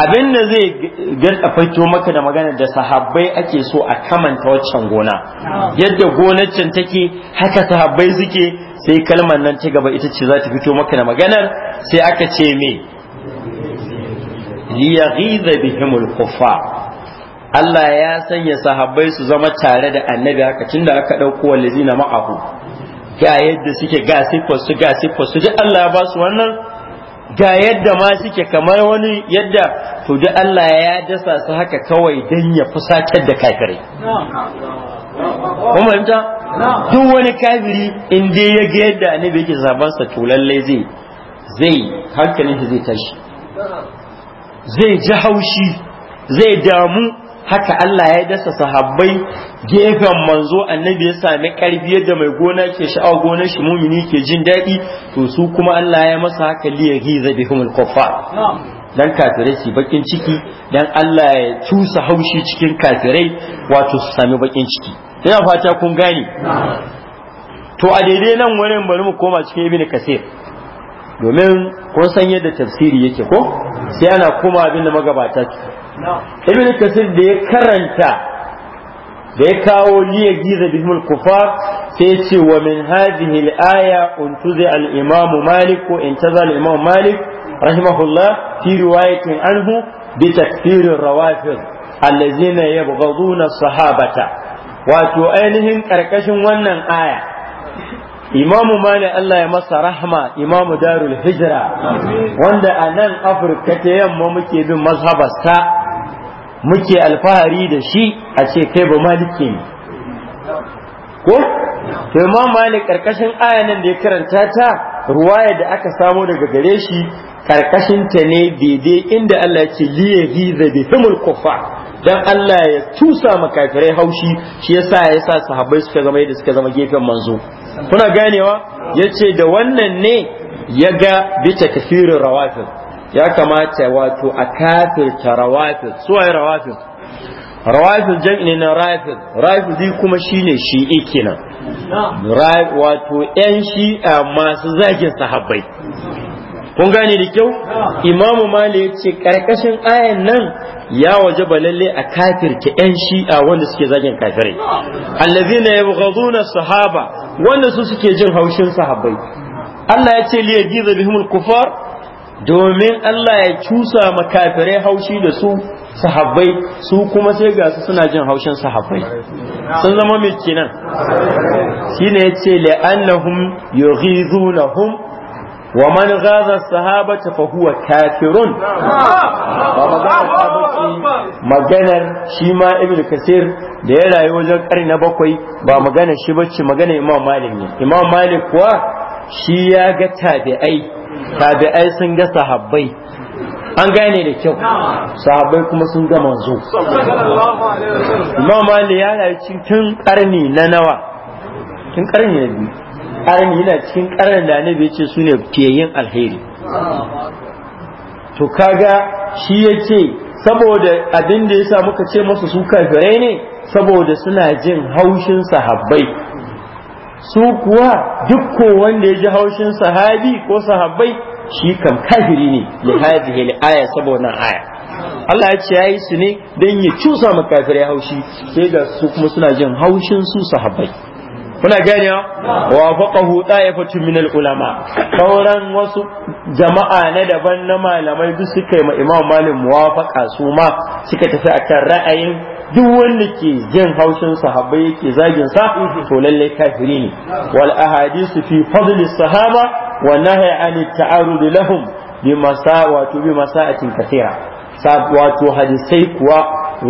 abin da zai garka faito maka da magana da sahabbai ake so a kamanta waccan gona yadda gonaccen take haka sahabbai suke sai kalmar nan ta gaba ita ce za ta fito maka da maganar sai aka ce me liyaghiza bihimul kuffar Allah ya sanya sahabbai su zama tare da annabi haka tunda aka ɗauko wallazina ma'ahu ga yadda suke ga siffar su ga duk Allah ya ba su wannan ga yadda ma suke kamar wani yadda to duk Allah ya dasa su haka kawai dan ya fusatar da kafirai kuma fahimta duk wani kafiri in dai ya ga yadda annabi yake zabansa to lallai zai zai hankalin zai tashi zai ji haushi zai damu haka Allah ya dasa sahabbai gefen manzo annabi ya sami karfi yadda mai gona ke sha'awa gonar shi mumini ke jin daɗi to su kuma Allah ya masa haka liya ghiza bihumul kuffar dan kafirai su bakin ciki dan Allah ya tusa haushi cikin kafirai wato su sami bakin ciki ina fata kun gane to a daidai nan wurin bari mu koma cikin ibnu kasir domin kun san yadda tafsiri yake ko sai ana koma abin da magabata ibn kasir da ya karanta da ya kawo liya giza bihimul kufa, sai ce wa min hadhihi al-aya untuzi al-imam malik ko intaza al-imam malik rahimahullah fi riwayatin anhu bi takfir ar-rawafid allazina yabghaduna sahabata wato ainihin karkashin wannan aya imamu malik Allah ya masa rahma imamu darul hijra wanda a nan afirka ta yamma muke bin mazhabarsa muke alfahari da shi a ce kai ba maliki ne ko to ma malik karkashin ayanan da ya karanta ta ruwaya da aka samo daga gare shi karkashin ta ne daidai inda Allah ya ce liyahi za bi himul kufa dan Allah ya tusa makafirai haushi shi yasa ya sa sahabbai suka zama yadda suka zama gefen manzo kuna ganewa yace da wannan ne ya ga bi takfirin rawafin ya kamata wato a kafirta rawafid suwaye Rawafin jan ne na Rafin zai kuma shine ike kenan wato yan shi'a masu zagin sahabbai kun gane da kyau imamu mali ya ce karkashin ayan nan ya waje balalle a kafirta yan shi'a wanda suke zagin kafirai bugazu na sahaba wanda su suke jin haushin sahabbai Allah ya ce liyajiza bihimul kufar domin Allah ya cusa makafirai haushi da su sahabbai su kuma sai ga su suna jin haushin sahabbai sun zama mai kenan shine yace la'annahum yughizunahum wa man ghaza sahabata fa huwa kafirun maganar shi ma ibnu kasir da ya rayu wajen karni na bakwai ba magana shi bace magana imam malik ne imam malik kuwa shi ya ga tabi'ai tabi'ai sun ga sahabbai an gane da kyau sahabbai kuma sun ga manzo imam ali ya rayu cikin karni na nawa cikin karni na biyu karni yana cikin karni da annabi ya ce su ne yin alheri to kaga shi ya ce saboda abin da ya sa muka ce masa su kafirai ne saboda suna jin haushin sahabbai su kuwa duk ko wanda ya ji haushin sahabi ko sahabbai shi kam kafiri ne haji hali aya saboda aya Allah ya ce yayi su ne dan ya cusa mu kafirai haushi sai ga su kuma suna jin haushin su sahabbai kuna gani wa faqahu ta'ifatun min ulama sauran wasu jama'a na daban na malamai duk suka yi ma imam malik muwafaqa su ma suka tafi akan ra'ayin duk wanda ke jin haushin sahabbai yake zagin sa to lalle kafiri ne wal ahadisu fi fadli sahaba wa nahya an ta'arud lahum bi masa wato bi masa'atin kathira wato hadisai kuwa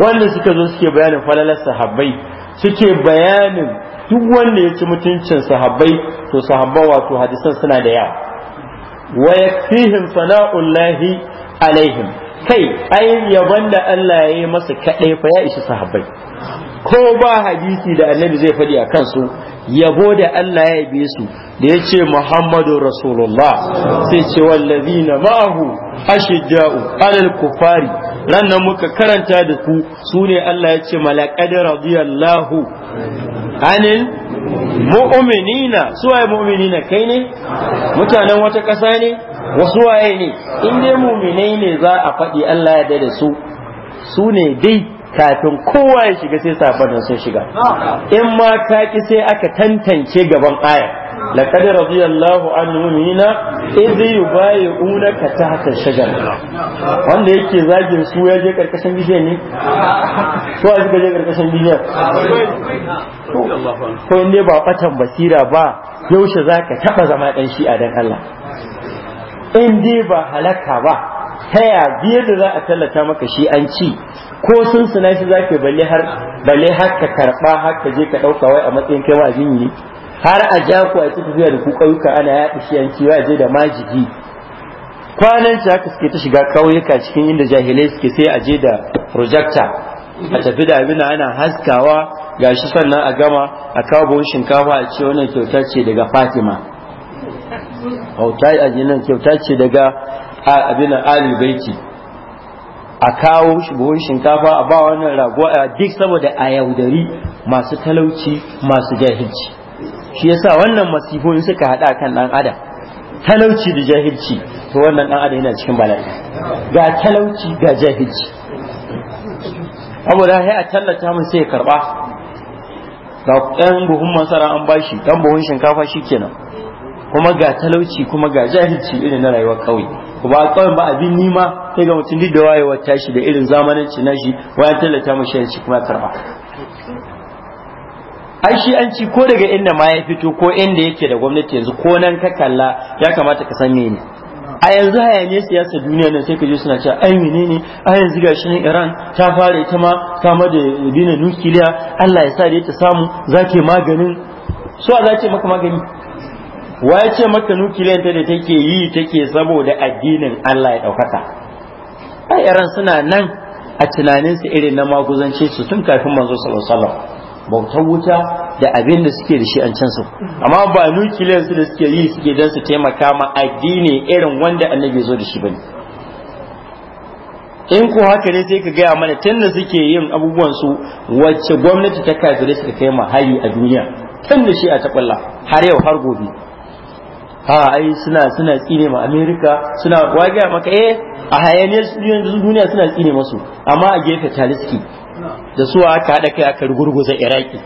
wanda suka zo suke bayanin falalar sahabbai suke bayanin duk wanda ya ci mutuncin sahabbai to sahabba wato hadisan suna da yawa wa yakfihim sana'ullahi alaihim kai ai yaban da Allah ya yi masa kaɗai fa ya isa sahabbai ko ba hadisi da annabi zai faɗi a kansu yabo da Allah ya yabe su da ya ce Muhammadu Rasulullah sai ce na ma'ahu ashidda'u alal kufari rannan muka karanta da ku su ne Allah ya ce malaqad radiyallahu anil mu'minina suwaye mu'minina kai ne mutanen wata ƙasa ne wasu waye ne in dai muminai ne za a faɗi Allah ya da su su ne dai kafin kowa ya shiga sai safanin sun shiga in ma ta ki sai aka tantance gaban aya laqad radiyallahu anil mu'minina idh yubayyi'unaka tahta shajar wanda yake zagin su ya je karkashin bishiyar ne to a je karkashin bishiyar ko ne ba fatan basira ba yaushe zaka taba zama dan a dan Allah in dai ba halaka ba ta ya biyar da za a tallata maka shi an ci ko sun suna shi zaka balle har balle har ka karba har ka je ka dauka wai a matsayin kai wajin yi har a ja ku a ci tafiya da ku kauyuka ana yaɗa shi an ciwa je da majigi kwanan ci haka suke ta shiga kauyuka cikin inda jahilai suke sai a je da projector a tafi da abin ana haskawa gashi sannan a gama a kawo buhun shinkafa a ce wannan kyauta ce daga fatima bauta a nan kyauta ce daga abin ali baiti a kawo buhun shinkafa a ba wannan rago a duk saboda a yaudari masu talauci masu jahilci shi yasa wannan masifun suka hada kan dan adam talauci da jahilci to wannan dan adam yana cikin bala'i ga talauci ga jahilci saboda sai a tallata mun sai ya karba ga ɗan buhun masara an bashi ɗan buhun shinkafa shi shikenan kuma ga talauci kuma ga jahilci irin na rayuwar kauye ba kawai ba abin nima sai ga mutum duk da wayewar tashi da irin zamananci na shi wayan tallata mu shi kuma karba ai shi an ci ko daga inda ma ya fito ko inda yake da gwamnati yanzu ko nan ka kalla ya kamata ka san menene a yanzu hayaniyar siyasar duniya nan sai ka je suna cewa ai menene a yanzu gashi nan Iran ta fara ita ma kama da dina nukiliya Allah ya sa da ta samu zake maganin so a zace maka magani wa ya ce maka nukiliyar ta da take yi take saboda addinin Allah ya ɗaukata ai yaran suna nan a tunaninsu irin na maguzanci su tun kafin manzo sallallahu alaihi bautar wuta da abin da suke da shi an can su amma ba nukiliyar da suke yi suke dan su taimaka ma addini irin wanda annabi zo da shi bane in ko haka ne sai ka gaya mana tun da suke yin abubuwan su wacce gwamnati ta kafirai suka kai ma hari a duniya tun da shi a taɓalla har yau har gobe ha ai suna suna tsine ma america suna wage maka eh a hayaniyar yanzu duniya suna tsine masu amma a gefe taliski da su aka hada kai aka rugurguza iraki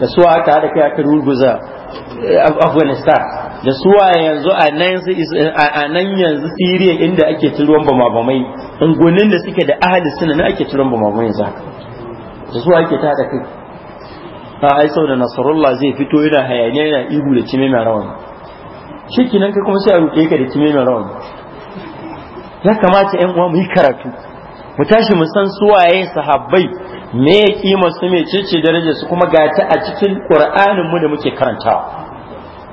da su aka hada kai aka rugurguza eh, afghanistan da su a yanzu a nan yanzu siriya inda ake turuwan bamabamai ungunin da suke da ahali suna na ake turuwan bamabamai yanzu da su ake tada kai ta ai sau da nasarullah zai fito yana hayaniya yana ihu da cime mai rawan shi kinan kai kuma sai a ruɗe ka da kime mai rawan ya kamata yan uwa mu yi karatu mu tashi mu san waye sahabbai me ya kima su me cece daraja su kuma ta a cikin qur'anin mu da muke karantawa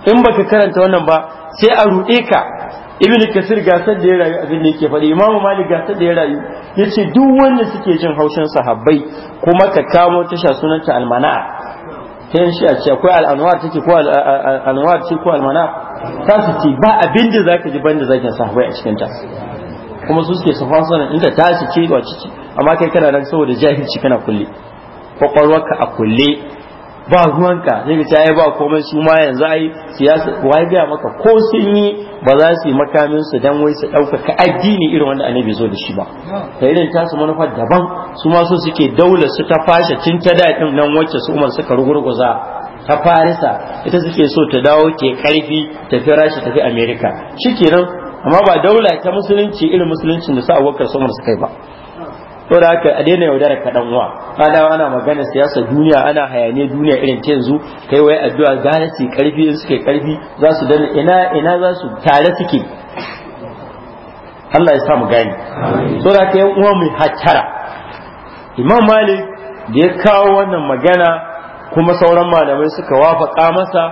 in baka karanta wannan ba sai a ruɗe ka ibn kasir gasar da ya rayu abin da yake faɗi imam malik gasar da ya rayu yace duk wanda suke jin haushin sahabbai kuma ka kamo tasha sunanta almana'a ta yin shi a ce akwai al'anwar take ko al'anwar ce ko almana'a ta su ce ba abin da zaka ji banda zakin sahabbai a cikin ta kuma su suke safa sanan inda ta su ce wa ciki amma kai kana nan saboda jahilci kana kulle kwakwalwarka a kulle ba ruwanka zai ta yi ba komai su ma yanzu ai siyasa wai ga maka ko sun yi ba za su yi makamin su dan wai su ka addini irin wanda annabi zo da shi ba da irin tasu manufar daban su ma so suke daula su ta fashe tun ta daɗin nan wacce su umar suka rugurguza ta farisa ita suke so ta dawo ke karfi tafi rasha tafi amerika shikenan amma ba daula ta musulunci irin musuluncin da su abubakar somar su kai ba to da haka a daina yaudara ka dan uwa ana ana magana siyasa duniya ana hayaniya duniya irin ta yanzu kai wai addu'a gane su karfi in suke karfi za su dana ina ina za su tare suke Allah ya sa mu gani to da haka yan uwa mu hattara Imam Malik da ya kawo wannan magana kuma sauran malamai suka wafaka masa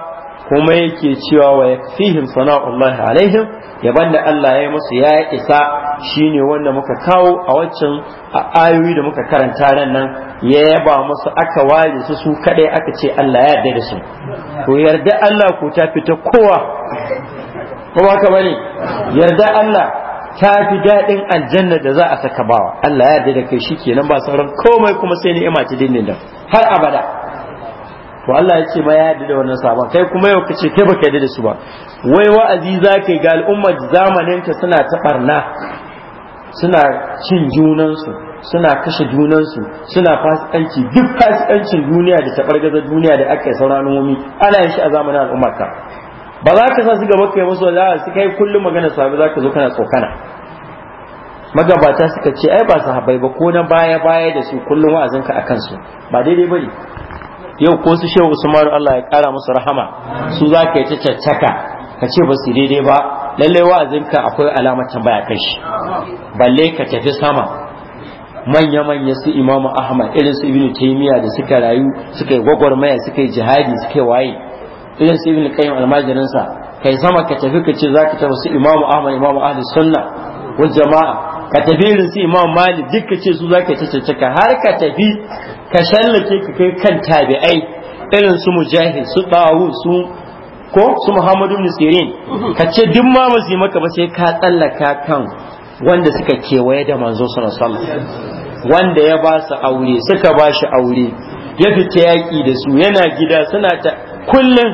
kuma yake cewa wa yakfihim sana'ullahi alaihim ya banda Allah ya yi musu ya isa shine wanda muka kawo a waccan ayoyi da muka karanta nan nan ya yaba musu aka ware su su kadai aka ce Allah ya yarda da su to yarda Allah ko ta fita kowa kuma ka bane yarda Allah ta fi daɗin aljanna da za a saka bawa Allah ya yarda da kai shikenan ba sauran komai kuma sai ni'ima ta da har abada to Allah ya ce ma ya yarda da wannan sabon kai kuma yau kace kai baka yadda da su ba wai wa'azi zake ga al'ummar zamanin ta suna ta barna suna cin junansu suna kashe junansu suna fasikanci duk fasikancin duniya da tabargazar duniya da aka yi sauran nomi ana yin shi a zamanin al'ummar ka ba za ka sa su gaba kai musu za ah, su kai kullum magana sabi za ka zo kana tsokana magabata suka ce ai ba sahabbai ba ko na baya baya da su kullum wa'azinka akan su ba daidai bane yau ko su shehu usman Allah ya kara musu rahama su za ka yi ta caccaka ka ce ba su daidai ba lalle wa'azinka akwai alamar tambaya kai shi balle ka tafi sama manya manya su imamu ahmad irin su ibnu taymiya da suka rayu suka yi gwagwarmaya suka yi jihadi suka yi waye irin su ibnu qayyim sa kai sama ka tafi ka ce zaka tafi su imamu ahmad imamu ahli sunna wa jama'a ka tafi irin su imam malik duk ka ce su zaka ta caccaka har ka tafi ka shallake ka kai kan tabi'ai irin su mujahid su dawu su ko su muhammadu ibn ka ce duk ma ba maka ba sai ka tsallaka kan wanda suka kewaye da manzo sallallahu wanda ya ba su aure suka ba shi aure ya fita yaƙi da su yana gida suna ta kullum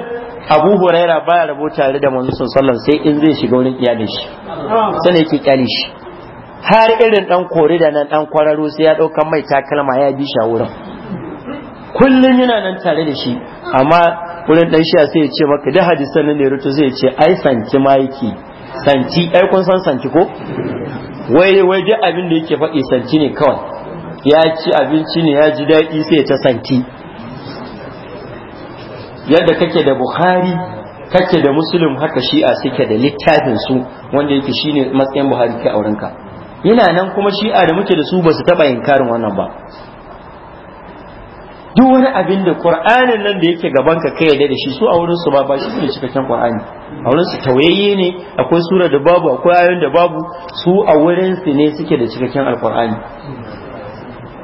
abu huraira baya rabo tare da manzo sallallahu sai in zai shiga wurin iyalin shi yake kyale shi har irin dan kore da nan dan kwararo sai ya ɗaukan mai takalma ya bi shi wurin kullun yana nan tare da shi amma wurin dan shi sai ya ce maka da hadisan ne rutu zai ce ai santi maiki santi ai kun san santi ko wai wai duk abin da yake faɗi santi ne kawai ya ci abinci ne ya ji daɗi sai ya ta santi yadda kake da bukhari kake da muslim haka shi a suke da littafin su wanda yake shine matsayin buhari ke aurenka yana nan kuma shi'a da muke da su ba su taɓa karin wannan ba duk wani abin da qur'anin nan da yake gaban ka kai da shi su a wurin su ba ba shi ne cikakken qur'ani a wurin su ne akwai sura da babu akwai ayoyin da babu su a wurin su ne suke da cikakken alqur'ani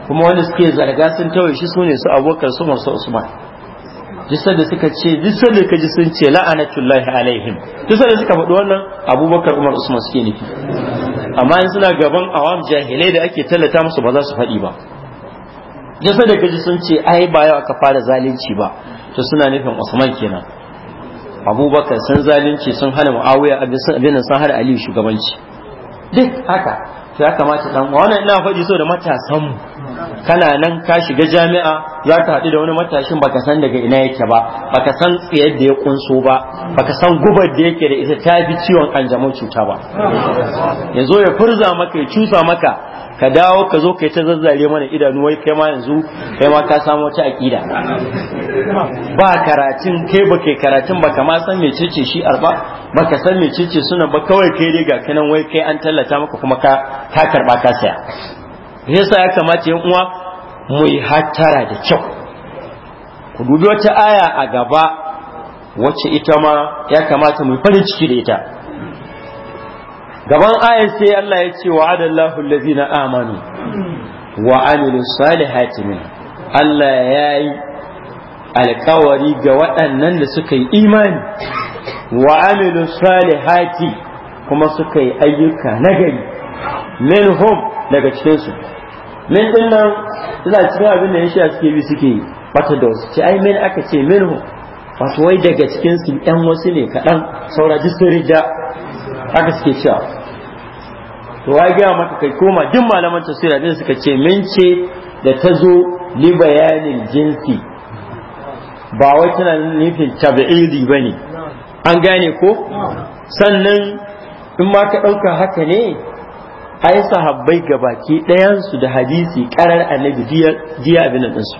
kuma wanda suke zarga sun tawaye shi su ne su abokan su masu usman jisar da suka ce jisar da kaji sun ce la'anatullahi alaihim jisar da suka faɗi wannan abubakar umar usman suke nufi amma in suna gaban awam jahilai da ake tallata musu ba za su faɗi ba jisar da kaji sun ce ai ba yau aka fara zalunci ba to suna nufin usman kenan abubakar sun zalunci sun hana muawiya abin sun hana aliyu shugabanci duk haka ya kamata dan uwa wannan ina faɗi so da matasan mu kana nan ka shiga jami'a za ka haɗu da wani matashin baka san daga ina yake ba baka san tsayar da ya kunso ba baka san gubar da yake da ita ta bi ciwon kanjamau cuta ba yanzu ya furza maka ya cusa maka ka dawo ka zo kai ta zazzare mana idanu wai kai ma yanzu kai ma ka samu wata aqida ba karatun kai ba kai karatun ba kama san mecece shi arba ba ka san mecece suna ba kawai kai dai ga kanan wai kai an tallata maka kuma ka ka karba ka saya yasa ya kamata yan uwa mu yi hattara da kyau ku dubi wata aya a gaba wacce ita ma ya kamata mu yi farin ciki da ita gaban ayar sai Allah ya ce wa'adallahu Allahu allazina amanu wa amilu salihati Allah ya yi alkawari ga waɗannan da suka yi imani wa amilu salihati kuma suka yi ayyuka nagari home daga cikinsu min din nan suna cikin abin da ya suke bi suke yi wata da wasu ce ai min aka ce home? wasu wai daga cikinsu ɗan wasu ne kaɗan saura duk rija haka suke cewa to wai gaya maka kai koma duk malaman tafsira din suka ce min ce da ta zo li bayanin jinsi ba wai tana nufin tabi'idi ba ne an gane ko sannan in ma ka ɗauka haka ne ai sahabbai gabaki ɗayansu da hadisi ƙarar annabi diya abin nan ɗinsu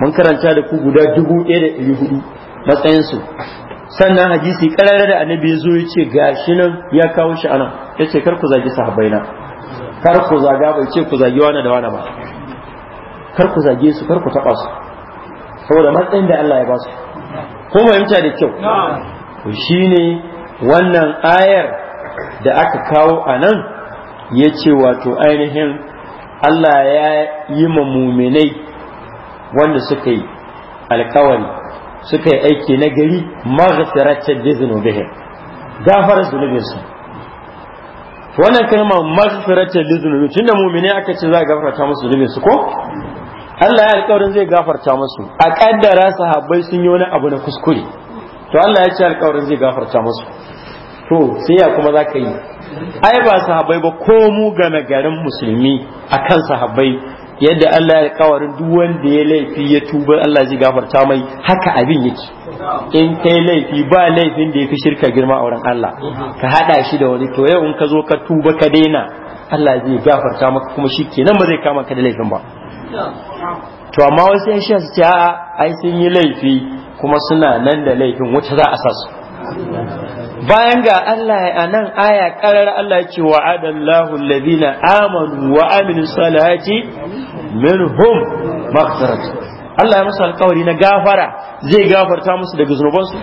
mun karanta da ku guda dubu ɗaya da ɗari hudu matsayinsu sannan hadisi karara da annabi ya zo ya ce gashi nan ya kawo shi anan ya ce kar ku zagi sahabbai na kar ku zaga bai ce ku zagi wani da wani ba kar ku zage su kar ku taba su saboda matsayin da Allah ya ba su ko fahimta da kyau to shine wannan ayar da aka kawo anan ya ce wato ainihin Allah ya yi ma muminai wanda suka yi alkawari suka yi aiki na gari maghfiratan bi dhunubihim gafar zunubinsu wannan kalma maghfiratan bi dhunubihim tunda mu'mini aka ce za a gafarta musu zunubinsu ko Allah ya alƙawarin zai gafarta musu a kaddara sahabbai sun yi wani abu na kuskure to Allah ya ce alƙawarin zai gafarta musu to sai ya kuma za ka yi ai ba sahabbai ba ko mu ga garin musulmi akan sahabbai yadda Allah ya kawarin duk wanda ya laifi ya tuba Allah zai gafarta mai haka abin yake in kai laifi ba laifin da ya fi shirka girma a wurin Allah ka hada shi da wani to yau in ka zo ka tuba ka daina Allah zai gafarta maka kuma shi kenan ba zai kama ka da laifin ba to amma wasu yan shi su ce a'a ai sun yi laifi kuma suna nan da laifin wacce za a sa bayan ga Allah a nan aya karar Allah ce wa adallahu amanu wa aminu salati minhum maghfirat Allah ya musu alkawari na gafara zai gafarta musu daga zunubansu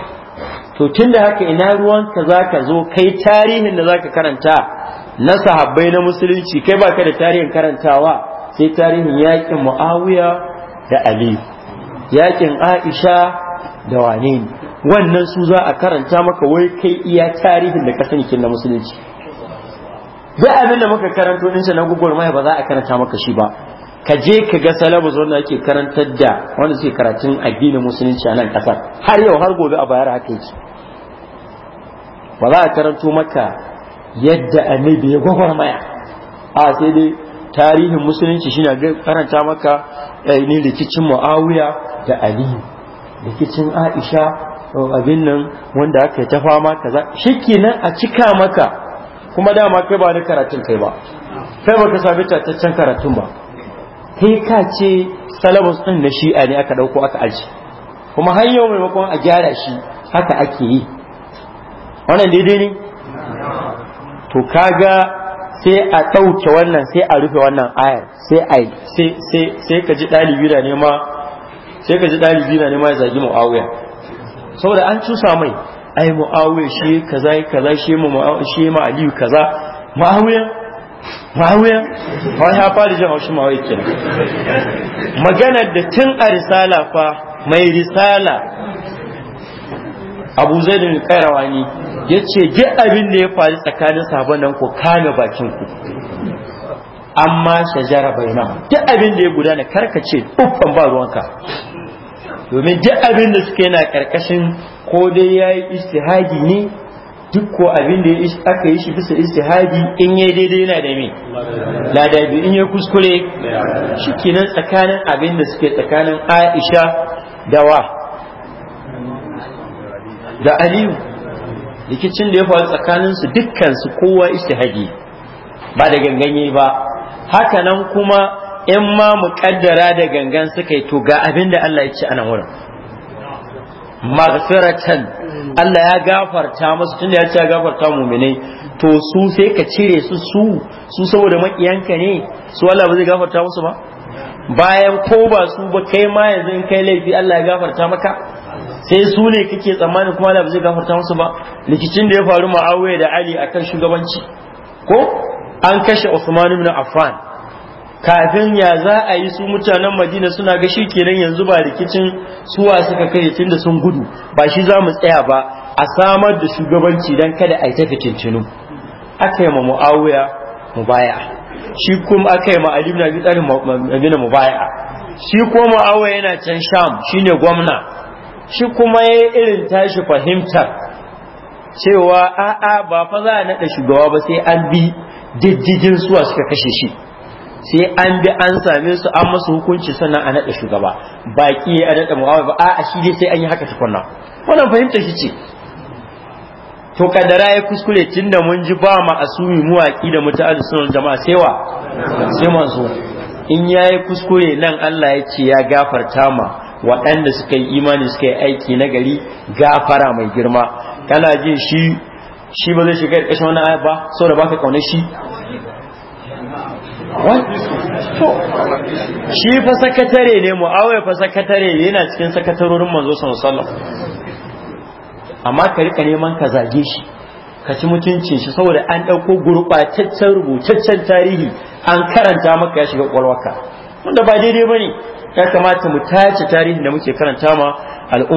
to tunda haka ina ruwan za zaka zo kai tarihin da zaka karanta na sahabbai na musulunci kai baka da tarihin karantawa sai tarihin yakin Muawiya da Ali yakin Aisha da wane ne wannan su za a karanta maka wai kai iya tarihin da ka sani kin na musulunci duk abin da muka karanto din sa na Google mai ba za a karanta maka shi ba ka je ka ga salabu wanda ake karantar da wanda suke karatun addinin musulunci a nan kasar har yau har gobe a bayar haka yake ba za a karanto maka yadda annabi ya gwagwarmaya a sai dai tarihin musulunci shine karanta maka eh, ne rikicin muawiya da aliyu rikicin aisha abin nan wanda aka yi ta fama kaza nan a cika maka kuma dama kai ba ni karatun kai ba kai ba baka sami tattaccen karatun ba kai ka ce salabus din na shi'a ne aka dauko aka aji kuma har yau maimakon a gyara shi haka ake yi wannan daidai ne to kaga sai a ɗauke wannan sai a rufe wannan ayar sai a sai sai sai ka ji ɗalibi na nema sai ka ji ɗalibi na nema ya zagi mu'awiya saboda an cusa mai ai mu'awiya shi kaza kaza shi mu shi ma aliyu kaza mu'awiya mu'awiya wai ya fara jin haushi mu'awiya kenan maganar da tun a risala fa mai risala abu zai da kairawa ne ya ce duk abin da ya faru tsakanin sabon nan ko kame bakin ku amma shajara bai na. duk abin da ya gudana karkace uffan ba ruwanka domin duk abin da suka yana karkashin ko dai ya yi istihadi ne duk ko abin da aka yi shi bisa istihadi in ya daidai yana da me ladabi in ya kuskure shi kenan tsakanin abin da suke tsakanin aisha da wa da aliyu rikicin da ya faru dukkan su kowa istihadi ba da ganganye ba hakanan kuma in ma mu kaddara da gangan suka yi to ga abin da Allah ya ce anan wurin magfiratan Allah ya gafarta musu tunda ya ce ya gafarta mu'minai to su sai ka cire su su su saboda makiyanka ne su Allah ba zai gafarta musu ba bayan ko ba su ba kai ma yanzu in kai laifi Allah ya gafarta maka sai su ne kake tsammanin kuma Allah ba zai gafarta musu ba likicin da ya faru Muawiya da Ali akan shugabanci ko an kashe Usman ibn Affan kafin ya za a yi su mutanen madina suna ga shi kenan yanzu ba rikicin suwa suka kai tun da sun gudu ba shi za mu tsaya ba a samar da shugabanci don kada a yi ta fitincinu aka yi ma mu baya. shi kuma aka yi ma na ibn abi talib mu baya shi kuma mu'awiya yana can sham shi ne gwamna shi kuma ya irin tashi fahimtar cewa a'a ba fa za a naɗa shugaba ba sai an bi diddigin suwa suka kashe shi sai an bi an same su an masu hukunci sannan a naɗa shugaba baki a naɗa mu'awai ba a shi dai sai an yi haka tukunna wannan fahimta shi ce to kadara ya kuskure tun da mun ji ba ma asumi muwaƙi da mutane sunan jama'a sai wa sai manzo in yayi kuskure nan Allah ya ce ya gafarta ma waɗanda suka yi imani suka yi aiki na gari gafara mai girma kana jin shi shi ba zai shiga ƙarshen wani aya ba saboda baka shi shi fa sakatare ne mu awai fa sakatare ne yana cikin sakatarorin manzo sallallahu amma ka rika neman ka zage shi ka ci mutuncin shi saboda an ɗauko gurɓataccen rubutaccen tarihi an karanta maka ya shiga kwalwaka wanda ba daidai bane ya kamata mu tace tarihin da muke karanta ma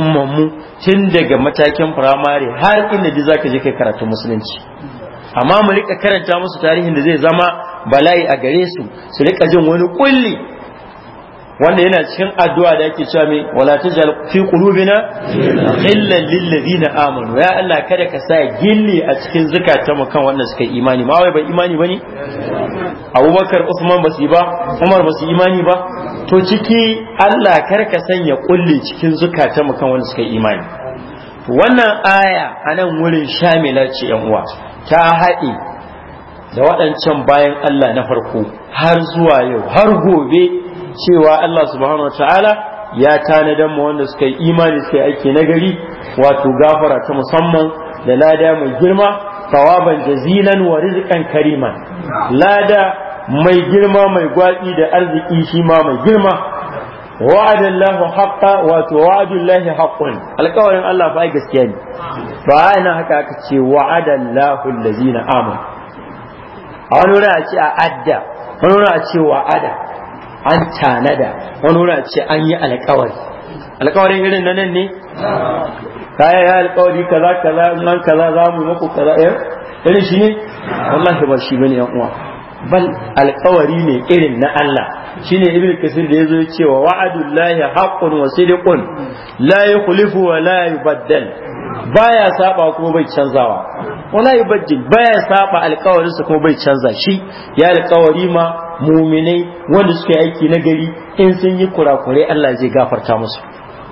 mu tun daga matakin firamare har inda ji zaka je kai karatu musulunci amma mu rika karanta musu tarihin da zai zama bala'i a gare su su rika jin wani kulli wanda yana cikin addu'a da ake cewa mai wala tajal fi qulubina ghillan lil ladina amanu ya Allah kada ka sa gilli a cikin zukatan mu kan wanda suka imani ma wai ba imani bane Abubakar Usman basu ba Umar basu imani ba to ciki Allah kar ka sanya kulli cikin zukatan mu kan wanda suka imani wannan aya anan wurin shamila ce yan uwa ta haɗe da waɗancan bayan Allah na farko har zuwa yau har gobe cewa Allah subhanahu taala ya tanadan mu wanda suka yi imani suka yi aiki nagari wato gafara ta musamman da lada mai girma tawaban jazilan wa rizqan kariman lada mai girma mai gwaɗi da arziki shi ma mai girma Wa'adallahu haqqa wato wa'adullahi Allah haqqun alƙawarin Allah fa gaskiya ne ba ana haka aka ce wa'ada Allah allazina amanu a wani wurin a ce a adda wani wurin a ce wa ada an tanada wani wurin a ce an yi alkawari alkawarin irin na nan ne kaya ya alkawari kaza kaza nan kaza za mu muku kaza ɗaya? Eh? irin shi ne wallahi ba shi bane yan uwa bal alkawari ne irin na Allah shine ibnu kasir da yazo ya ce wa wa'adullahi haqqun wa sidiqun la yukhlifu wa la yubaddal baya saba kuma bai canzawa wala yubaddil baya saba alƙawarin sa kuma bai canza shi ya alƙawari ma muminai wanda suke aiki na gari in sun yi kurakurai Allah zai gafarta musu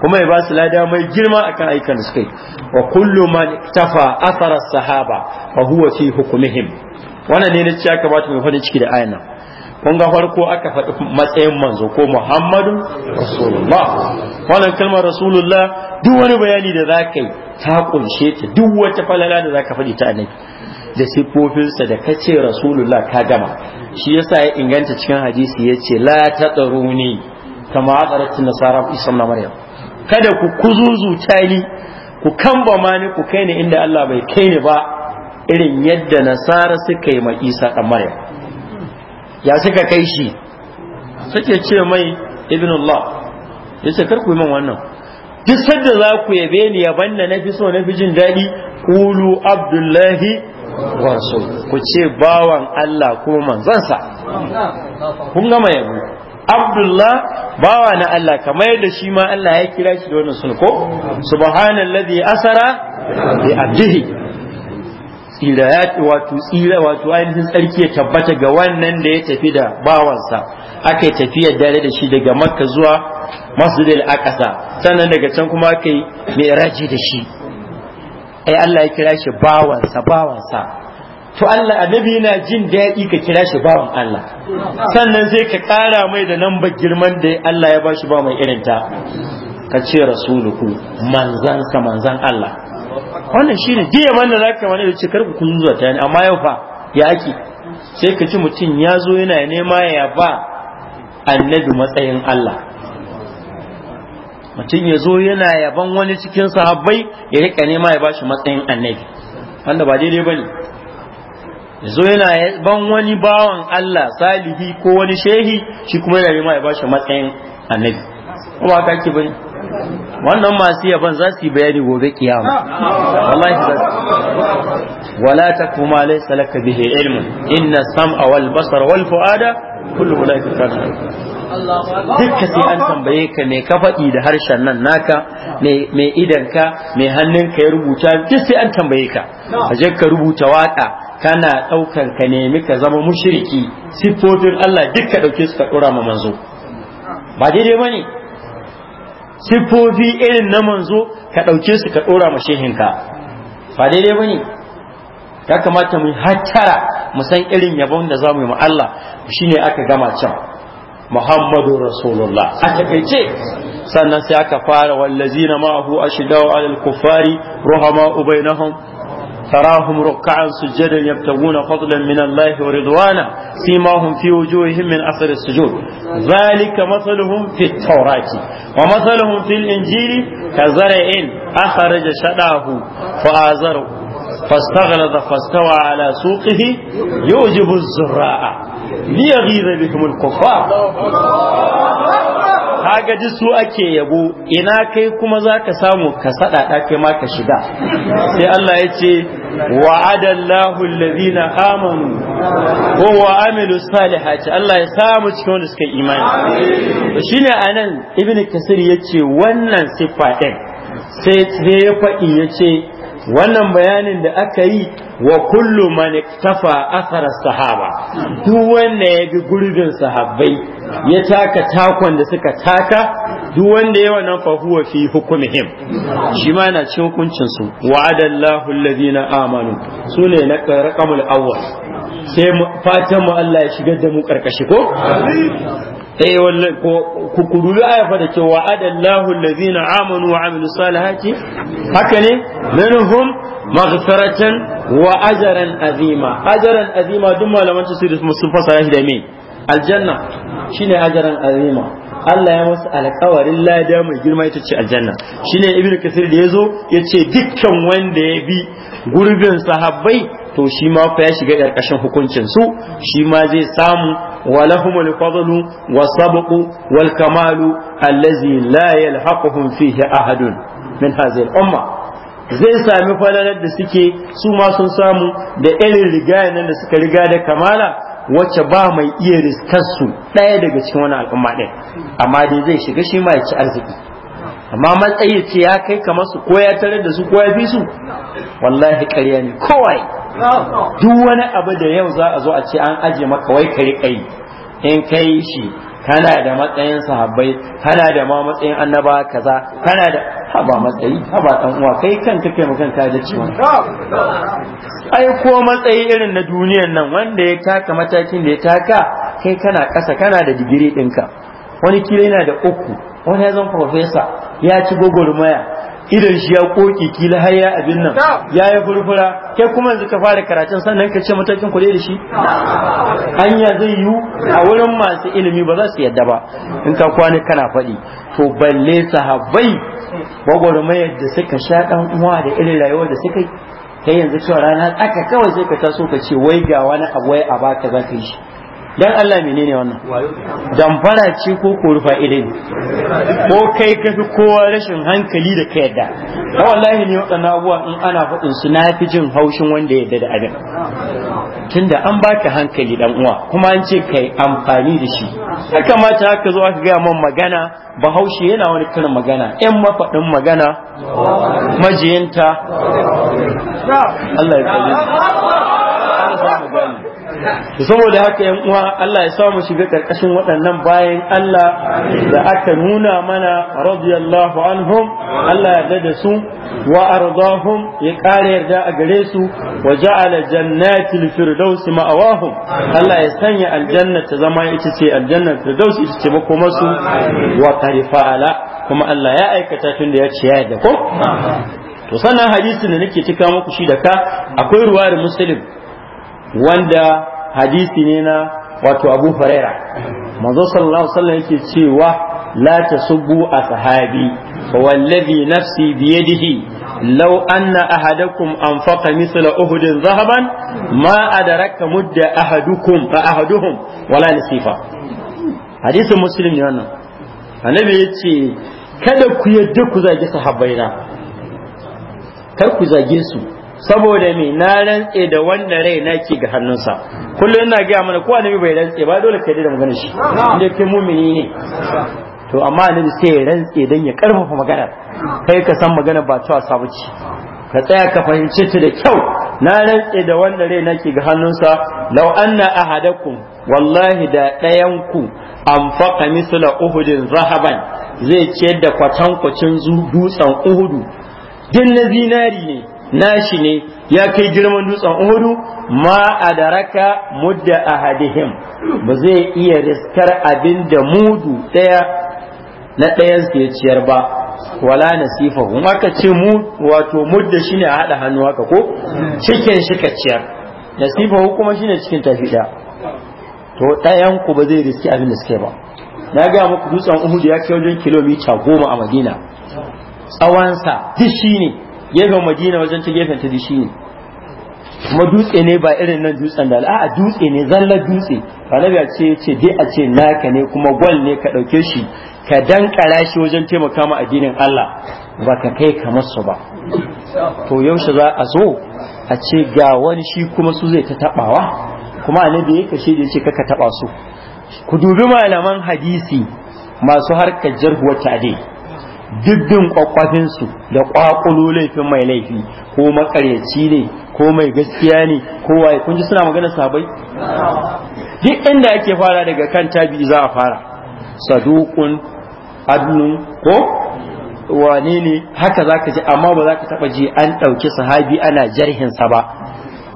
kuma ya ba su lada mai girma akan aikan da suka yi wa kullu man tafa athara sahaba fa huwa fi hukumihim wannan ne na ciya kamata mu faɗi ciki da ayyana. kun ga farko aka faɗi matsayin manzo ko muhammadu rasulullah wannan kalmar rasulullah duk wani bayani da za ka ta kunshe ta duk wata falala da za ka faɗi ta annabi da siffofinsa da ka ce rasulullah ka gama shi yasa ya inganta cikin hadisi ya ce la ta tsaro ne kama a nasara isa na maryam kada ku kuzuzu ni ku kamba ma ni ku kai ni inda allah bai kai ni ba irin yadda nasara suka yi ma isa da maryam ya suka kai shi suke ce mai Allah ya ce karku man wannan duk sadda za ku yabe ni yaban na nafi so nafi jin daɗi kulu abdullahi wa ku ce bawan Allah kuma manzansa kun gama yabo abdullah bawa na Allah kamar yadda shi ma Allah ya kira shi da wannan sunan ko subhanallazi asara bi abdihi Ila ya wato tsira wato ainihin tsarki ya tabbata ga wannan da ya tafi da bawansa aka yi tafiyar dare da shi daga makka zuwa masjidil aqsa sannan daga can kuma aka yi mi'raji da shi ai Allah ya kira shi bawansa bawansa to Allah annabi yana jin daɗi ka kira shi bawan Allah sannan zai ka ƙara mai da nan girman da Allah ya ba shi ba mai irinta ka ce rasuluku manzansa manzan Allah wannan shi ne jiya wanda za ka wani da ce karku kun zuwa ta ne amma yau fa ya ake sai ka ci mutum ya zo yana nema ya ba annabi matsayin Allah mutum ya zo yana yaban wani cikin sahabbai ya rika nema ya ba shi matsayin annabi wanda ba daidai ba ne ya zo yana yaban wani bawan Allah salihi ko wani shehi shi kuma yana nema ya ba shi matsayin annabi ba ka ake ba ne wannan masu yaban za su yi bayani gobe kiyama wallahi za su wala takfu laysa laka bihi ilmun inna sam'a wal basara wal fuada kullu ulaika kana dukka sai an tambaye ka me ka faɗi da harshen nan naka me idanka me ka ya rubuta duk sai an tambaye ka a je ka rubuta waka kana ɗaukar ka nemi ka zama mushiriki, siffofin Allah dukka ka ɗauke suka ɗora ma manzo ba daidai ba ne siffofi irin na manzo ka ɗauke su ka ɗora mashehinka ba daidai ba ne ya kamata mu hattara mu san irin yabon da za mu yi ma Allah shine aka gama can Muhammadu Rasulullah a takaice sannan sai aka fara wallazina ma'ahu ashidaw alal kuffari ruhama ubainahum تراهم ركعا سجدا يبتغون فضلا من الله ورضوانا سيماهم في وجوههم من أثر السجود ذلك مثلهم في التوراة ومثلهم في الإنجيل كزرع أخرج شداه فآزره فاستغلظ فاستوى على سوقه يوجب الزراء ليغيظ بهم الكفار kaga ji su ake yabo ina kai kuma za ka samu ka saɗaɗa kai ma ka shiga sai Allah ya ce wa'adallahu allazina amanu ko wa amilu salihati Allah ya samu cikin wanda suka imani shine anan ibnu kasir yace wannan sifa din sai ya faɗi yace wannan bayanin da aka yi wa kullu man iktafa athar sahaba duk wanda ya bi gurbin sahabbai ya taka takon da suka taka duk wanda ya wannan fa huwa fi hukumihim shi ma na cikin hukuncin su wa'adallahu alladhina amanu sune na karqamul awwal sai fatan mu Allah ya shigar da mu karkashi ko eh wallahi ku kudubi aya fa da cewa adallahu allazina amanu wa amilu salihati haka ne minhum maghfiratan wa ajran azima ajran azima duk malaman tafsir sun fasara shi da me aljanna shine ajran azima Allah ya masa alƙawarin lada mai girma ita ce aljanna shine ibnu kasir da yazo yace dukkan wanda ya bi gurbin sahabbai to shi ma fa ya shiga ƙarƙashin hukuncin su shi ma zai samu wa lahum al-fadlu was-sabqu wal-kamalu allazi la yalhaquhum fihi ahadun min zai sami falalar da suke su ma sun samu da irin rigaya nan da suka riga da kamala wacce ba mai iya riskarsu ɗaya daga cikin wani al'umma din amma dai zai shiga shi ma ya ci arziki amma matsayi ce ya kai kamar su koya tare tarar da su ko ya fi su wallahi ƙarya ne kowai duk wani abu da yau za a zo a ce an aje maka wai kai kai in kai shi kana da matsayin sahabbai kana da ma matsayin annaba kaza kana da haba matsayi haba dan uwa kai kan kai mu kanka da ciwon ai ko matsayi irin na duniyar nan wanda ya taka matakin da ya taka kai kana kasa kana da digiri dinka. wani kila yana da uku wani ya zama farfesa ya ci gwagwarmaya idan shi ya koki kila har ya abin nan ya yi furfura kai kuma yanzu ka fara karatun sannan ka ce matakin kuɗi da shi anya zai yiwu a wurin masu ilimi ba za su yadda ba in ka kwana kana faɗi to balle sahabbai gwagwarmayar da suka sha ɗan uwa da irin rayuwar da suka yi kai yanzu cewa rana tsaka kawai sai ka taso ka ce wai ga wani abu wai a baka za yi shi dan Allah menene wannan damfara ce ko ko rufa ilimi ko kai ka fi kowa rashin hankali da ka yadda dan wallahi ne waɗannan abuwa in ana faɗin su na fi jin haushin wanda ya yadda abin tunda an baka hankali dan uwa kuma an ce kai amfani da shi ya kamata haka zo aka gaya man magana bahaushe yana wani karin magana yan mafaɗin magana majiyanta Allah ya saboda haka yan uwa Allah ya samu shiga karkashin waɗannan bayan Allah da aka nuna mana radiyallahu anhum Allah ya da su wa ardahum ya ƙara yarda a gare su wa ja'ala jannatil firdaus ma'awahum Allah ya sanya aljanna ta zama ita ce aljanna firdaus ita ce makomarsu wa tarifa'ala kuma Allah ya aikata tun da ya ce ya da ko to sannan hadisin da nake cika muku shi da ka akwai ruwa da muslim wanda hadisi ne na wato abu huraira manzo sallallahu alaihi yake cewa la tasubbu a sahabi wallazi nafsi biyadihi law anna ahadakum anfaqa misla uhudin zahaban ma raka mudda ahadukum fa ahaduhum wala nasifa hadisin muslim ne wannan annabi yace kada ku yadda ku zagi sahabbaina kar ku zage su saboda me na rantse da wanda rai na ga hannunsa kullum ina gaya mana ko annabi bai rantse ba dole kai da magana shi inda kai mumini ne to amma annabi sai ya rantse dan ya karfafa magana kai ka san magana ba ta wasa bace ka tsaya ka fahimci ta da kyau na rantse da wanda rai na ga hannunsa law anna ahadakum wallahi da ɗayan ku anfaqa misla uhudin zahaban zai ciyar da kwatankwacin dutsen uhudu din na zinari ne nashi ne ya kai girman dutsen uhudu ma adaraka mudda ahadihim ba zai iya riskar abin da mudu ɗaya na ɗayan ya ciyar ba wala nasifa kuma aka ce mu wato mudda shine a haɗa hannu haka ko cikin shi ka ciyar nasifa kuma shine cikin tafi ɗaya to ɗayan ku ba zai riski abin da suke ba na ga muku dutsen uhudu ya kai wajen kilomita goma a madina tsawonsa duk ne. gefen madina wajen ta gefen ta dishi ne kuma dutse ne ba irin nan dutsen da a'a dutse ne zalla dutse na ya ce ce dai a ce naka ne kuma gwal ne ka dauke shi ka dankara shi wajen taimaka ma addinin Allah ba ka kai kamar su ba to yaushe za a zo a ce ga wani shi kuma su zai ta tabawa kuma da yake kashe da yake kaka taba su ku dubi malaman hadisi masu harkar jarhuwar dai dibbin kwakwafinsu da kwakulo laifin mai laifi ko makaryaci ne ko mai gaskiya ne ko waye kun ji suna magana sabai duk inda ake fara daga kan tabi za a fara saduqun adnun ko wane ne haka zaka ji amma ba za ka taba ji an ɗauki sahabi ana jarhin sa ba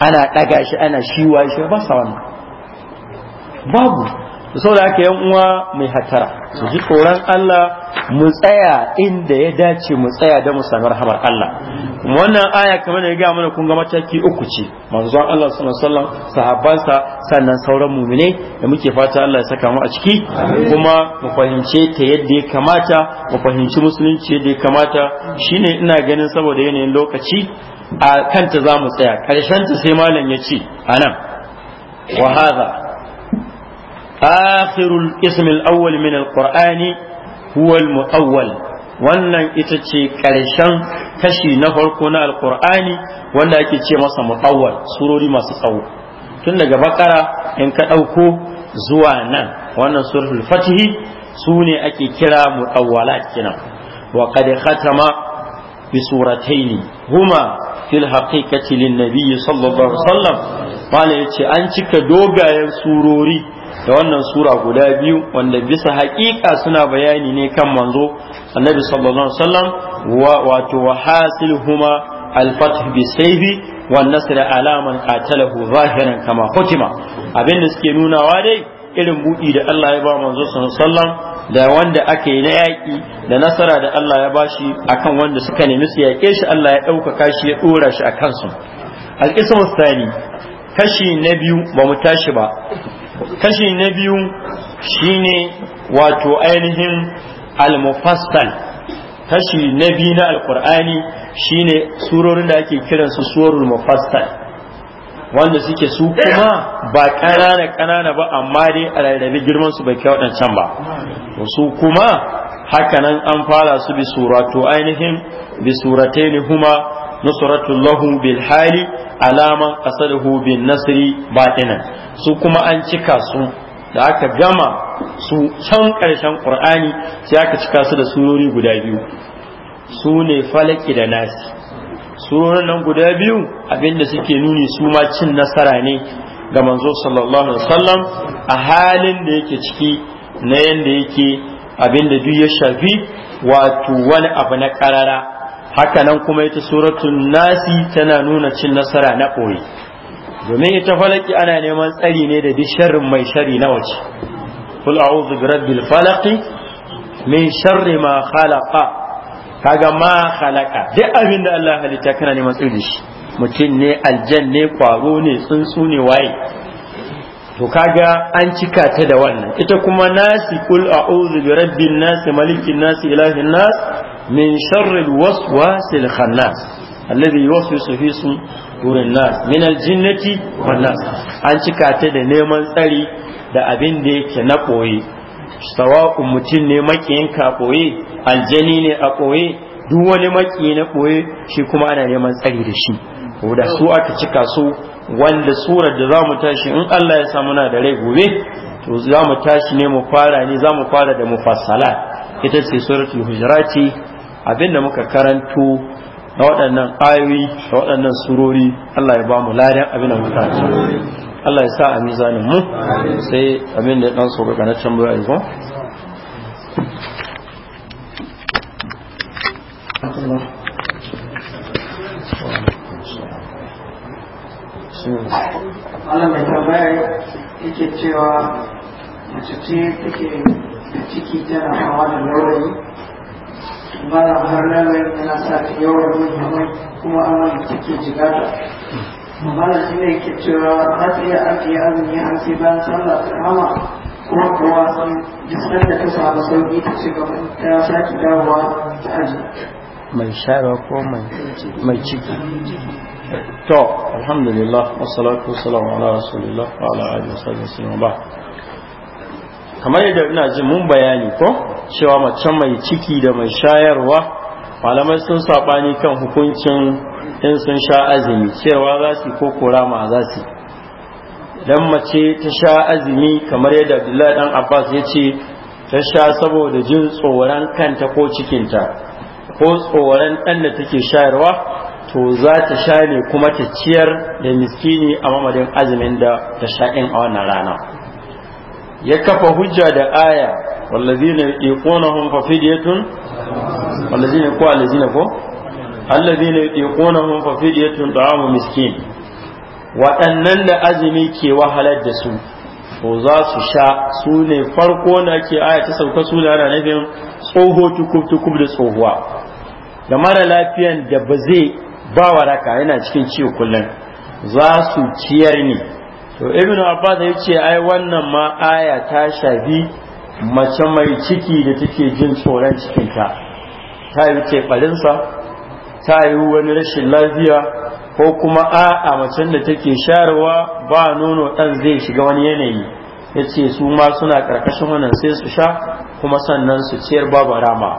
ana ɗaga shi ana shiwa shi ba sa wannan babu saboda haka yan uwa mai hatara su ji tsoron Allah mu tsaya inda ya dace mu tsaya da mu sami rahamar Allah wannan aya kamar da ya ga mana kun ga mataki uku ce manzo Allah sallallahu alaihi wasallam sahabbansa sannan sauran mu'mine da muke fata Allah ya saka mu a ciki kuma mu fahimce ta yadda ya kamata mu fahimci musulunci yadda ya kamata shine ina ganin saboda yanayin lokaci a kanta za mu tsaya ta sai malam ya ce anan wa hadha akhirul ismin al-awwal min al-qur'ani wannan ita ce ƙarshen kashi na farko na al wanda ake ce masa mu'awwal surori masu tsawo tun daga bakara in ka ɗauko zuwa nan wannan suratul fatihi su ne ake kira mu'awwalat kenan wa qad khatama bi surataini. huma fil haqiqati lin nabiy sallallahu alaihi wasallam wala yace an cika dogayen surori da wannan sura guda biyu wanda bisa haƙiƙa suna bayani ne kan manzo annabi sallallahu alaihi wasallam wato wa Huma, al-fath bi sayfi wa nasr ala man qatalahu zahiran kama hutima abin da suke nunawa dai irin buɗi da Allah ya ba manzo sallallahu da wanda aka yi na yaƙi da nasara da Allah ya bashi akan wanda suka nemi su yaƙe shi Allah ya ɗaukaka shi ya ɗora shi a kansu alƙisar sani kashi na biyu ba mu tashi ba kashi na biyu shine wato ainihin al-mufassal kashi na biyu na alkur'ani shine surorin da ake kiran su surul mufassal wanda suke su kuma ba ƙanana ƙanana ba amma dai a rarrabe girman su bai kai waɗancan ba su kuma hakanan an fara su bi surato ainihin bi surataini huma نصرت الله bil hali alaman بالنصر باطنا nasri batinan su kuma an cika su da aka gama su can ƙarshen qur'ani sai aka cika su da surori guda biyu su ne falaki da nasi surorin nan guda biyu abinda suke nuni su ma cin nasara ne ga manzo sallallahu alaihi wasallam a halin da yake ciki na yanda yake abinda duk ya shafi wato wani abu na karara haka nan kuma ita suratun nasi tana nuna cin nasara na ɓoye domin ita falaki ana neman tsari ne da duk sharrin mai shari na wace kul a'udhu bi rabbil falaqi min sharri ma khalaqa kaga ma khalaqa duk abin da Allah halitta kana neman tsari shi mutum ne aljan ne kwaro ne tsuntsu ne waye to kaga an cika ta da wannan ita kuma nasi kul a'udhu bi rabbin nasi malikin nasi ilahin nasi min sharril waswasil khannas alladhi su fi sudurin nas min aljinnati wan an cika ta da neman tsari da abin da yake na koyi sawa'un mutum ne makiyin ka koyi aljani ne a koyi duk wani maki na koyi shi kuma ana neman tsari da shi da su aka cika su wanda surar da za mu tashi in Allah ya sa muna da rai gobe to za mu tashi ne mu fara ne za mu fara da mufassala ita ce suratul hujurati abinda muka karanto na waɗannan ayoyi da waɗannan surori Allah ya ba mu ladan abin da muka Allah ya sa a mizanin mu sai abin da ga tsoro can tambaya yanzu Allah mai tambaya yake cewa mace ce take ciki tana hawa da laurayi mara harna mai yana sa ka yawan ruhin kuma amma da take jigata mara shi ne ke cewa har iya ake azumi har sai ban sallah ta hama kuma kuwa san jisar da ta samu sauki ta ci gaba ta sake dawowa ta aji mai shara ko mai ciki to alhamdulillah wasu salatu wasu ala rasulillah wa ala alihi wa sallam ba kamar yadda ina jin mun bayani ko cewa mace mai ciki da mai shayarwa malamai sun saɓani kan hukuncin in sun sha azumi cewa za su ko kora ma za su dan mace ta sha azumi kamar yadda abdullahi dan abbas ya ce ta sha saboda jin tsoron kanta ko cikinta ko tsoron dan da take shayarwa to za ta sha ne kuma ta ciyar da miskini a mamadin azumin da ta sha in a wannan rana ya kafa hujja da aya wallazina yuqunahum fa fidyatun wallazina ko allazina ko allazina yuqunahum fa fidyatun ta'amu miskin waɗannan da azumi ke wahalar da su Ko za su sha su ne farko da ke aya ta sauka su da ana nufin tsoho tukub tukub da tsohuwa da mara lafiyan da ba zai ba waraka yana cikin ciwo kullum za su ciyar ne to ibn abbas ya ce ai wannan ma aya ta shafi mace mai ciki da take jin tsoron cikinta ta yi keɓarinsa ta yi wani rashin lafiya ko kuma a'a macen da take sharuwa ba nono ɗan zai shiga wani yanayi ya ce su ma suna ƙarƙashin wannan sai su sha kuma sannan su ciyar babu rama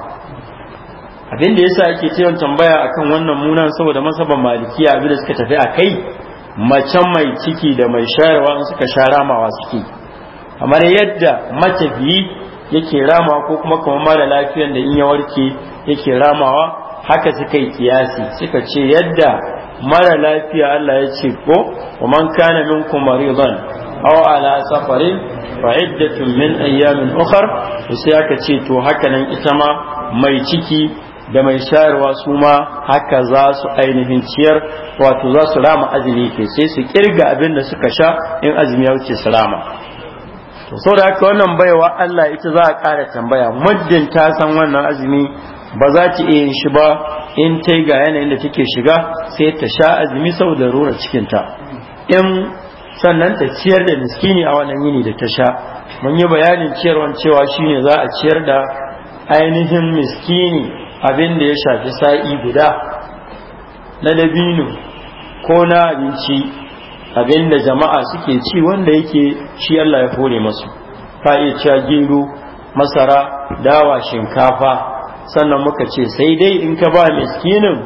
abin da yasa ake ce tambaya akan wannan munan saboda masaban malikiya abin da suka tafi a kai Macen mai ciki da mai shayarwa in suka sha ramawa suke kamar yadda matafiyi yake ramawa ko kuma kuma mara lafiyan da in ya warke yake ramawa haka suka yi kiyasi suka ce yadda mara lafiya Allah ya ce ko wa man kana minkum maridan aw ala safarin fa iddatun min ayyamin ukhra sai aka ce to haka nan ita ma mai ciki da mai shayarwa su ma haka za su ainihin ciyar wato za su rama azumi ke sai su kirga abin da suka sha in azumi ya wuce su rama to da haka wannan baiwa Allah ita za a ƙara tambaya muddin ta san wannan azumi ba za ta iya yin shi ba in ta ga yanayin da take shiga sai ta sha azumi saboda rura cikinta in sannan ta ciyar da miskini a wannan yini da ta sha mun yi bayanin ciyarwan cewa shine za a ciyar da ainihin miskini abin da ya shafi sa'i guda na dabino ko na abinci abin da jama'a suke ci wanda yake shi Allah ya fore masu fa'ica gero masara dawa shinkafa sannan muka ce sai dai in ka ba miskinin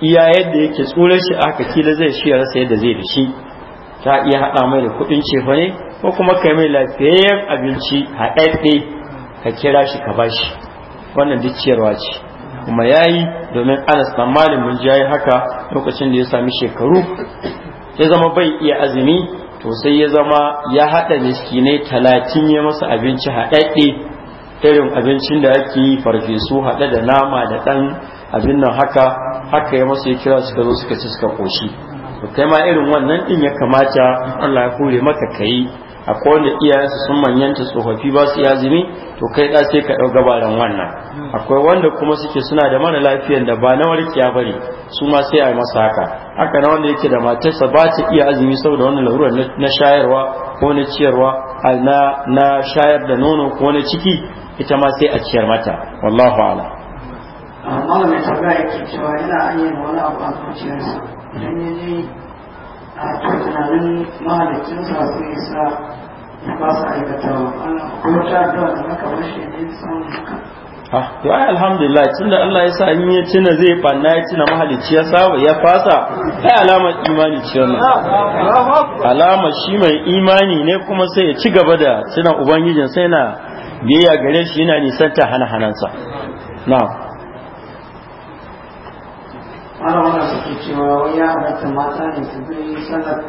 iya yadda yake tsoron shi aka kila zai shi rasa yadda zai da shi ta iya haɗa mai da kuɗin cefa ne ko kuma ka mai lafiyayyen abinci haɗaɗɗe ka kira shi ka ba shi wannan duk ciyarwa ce kuma yayi domin Anas dan Malik mun ji yayi haka lokacin da ya sami shekaru ya zama bai iya azumi to sai ya zama ya haɗa miskinai talatin ya masa abinci haɗaɗɗe irin abincin da ake yi farfesu haɗe da nama da ɗan abin nan haka haka ya masa ya kira suka zo suka ci suka koshi to kai ma irin wannan ɗin ya kamata Allah ya kore maka kai a wanda iyayensu sun manyanta tsofaffi ba su azumi to kai da sai ka ɗauka gabaran wannan hmm. akwai wanda kuma suke suna da mara lafiyan da ba na warkiya bari su ma sai a yi masa haka haka na wanda yake da matarsa ba ta iya azumi saboda wannan larurar na shayarwa ko na ciyarwa na shayar da nono ko na ciki ita ma sai a ciyar mata wallahu ala malamin tambaya yake cewa yana an wani abu a zuciyarsa idan ya a tunanin mahalicinsa ba su da maka ne to ai alhamdulillah tunda Allah ya sa in ya cina zai banna ya cina mahalicci ya saba ya fasa kai alama imani ce wannan alama shi mai imani ne kuma sai ya ci gaba da cina ubangijin sai na biyayya gare shi yana nisan ta hana hanansa na'am ana da cewa ya halatta mata ne su bi daga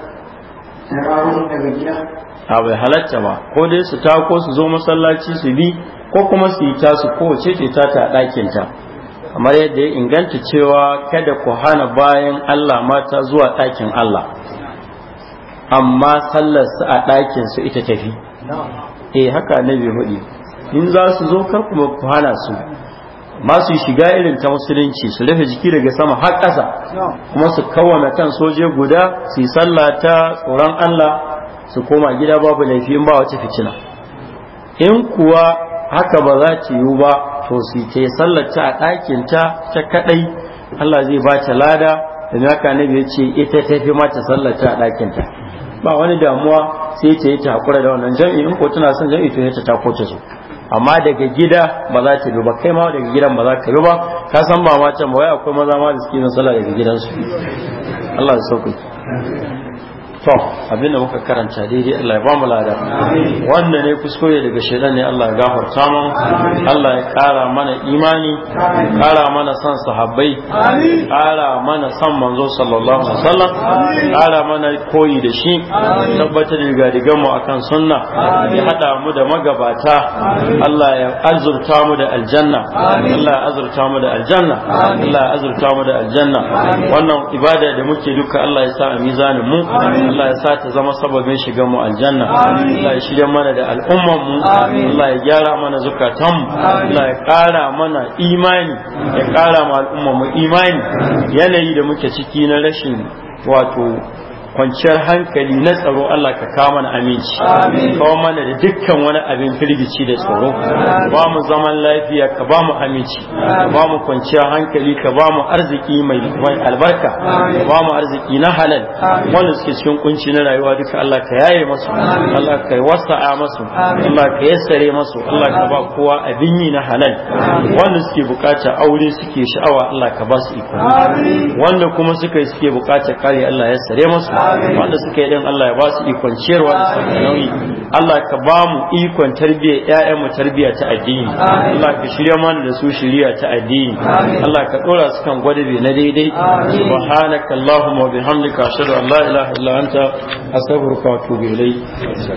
a bai halatta ba ko dai su tako su zo masallaci su bi ko kuma su yi tasu kowace ce ta ta ɗakinta, kamar yadda ya inganta cewa kada ku hana bayan Allah mata zuwa ɗakin Allah amma sallar su a ɗakin su ita tafi eh haka na bai hudi in za su zo kar kuma ku hana su Ma su shiga irin ta musulunci su rufe jiki daga sama har ƙasa kuma su kawana kan soje guda su yi sallah ta tsoron Allah su koma gida babu laifi ba wace fitina in kuwa haka ba za ta yiwu ba to su ta sallar ta a ɗakin ta ta kaɗai Allah zai ba ta lada da haka na ya ce ita ta fi mata sallar ta a ɗakin ta ba wani damuwa sai ta yi ta haƙura da wannan jam'i in ko tana son jam'i to ta tako ta zo amma daga gida ba za ta ba kai ma daga gidan ba za ka ba ka san ba ma can ba wai akwai maza ma da suke yin sallah daga gidansu Allah ya sauke to abinda muka karanta daidai Allah ya ba mu lada wanda ne kuskure daga shedan ne Allah ya gafarta mu Allah ya kara mana imani kara mana san sahabbai kara mana san manzo sallallahu alaihi wasallam kara mana koyi da shi tabbatar da gadigan mu akan sunna ya hada mu da magabata Allah ya azurta mu da aljanna Allah ya azurta mu da aljanna Allah ya azurta mu da aljanna wannan ibada da muke duka Allah ya sa a mizanin mu Allah ya sa ta zama sababin shiga mu aljanna Allah ya shirya mana da al'umman mu Allah ya gyara mana zukatan mu Allah ya ƙara mana imani ya ƙara ma al'umman mu imani yanayi da muke ciki na rashin wato kwanciyar hankali na tsaro Allah ka kawo mana aminci kawo mana da dukkan wani abin firgici da tsoro ba mu zaman lafiya ka ba mu aminci ba mu kwanciyar hankali ka ba mu arziki mai albarka ka ba mu arziki na halal wanda suke cikin kunci na rayuwa duka Allah ka yaye masu Allah ka wasa'a masu Allah ka yassare masu Allah ka ba kowa abin yi na halal wanda suke bukata aure suke sha'awa Allah ka ba su iko wanda kuma suka suke bukata kare Allah ya sare masu wanda suka yi dan Allah ya ba su ikon ciyarwa da nauyi Allah ka ba mu ikon tarbiyyar ƴaƴan mu tarbiyya ta addini Allah ka shirya mana da su shirya ta addini Allah ka dora su kan gwadabe na daidai subhanakallahumma wa bihamdika ashhadu an la ilaha illa anta astaghfiruka wa atubu ilayk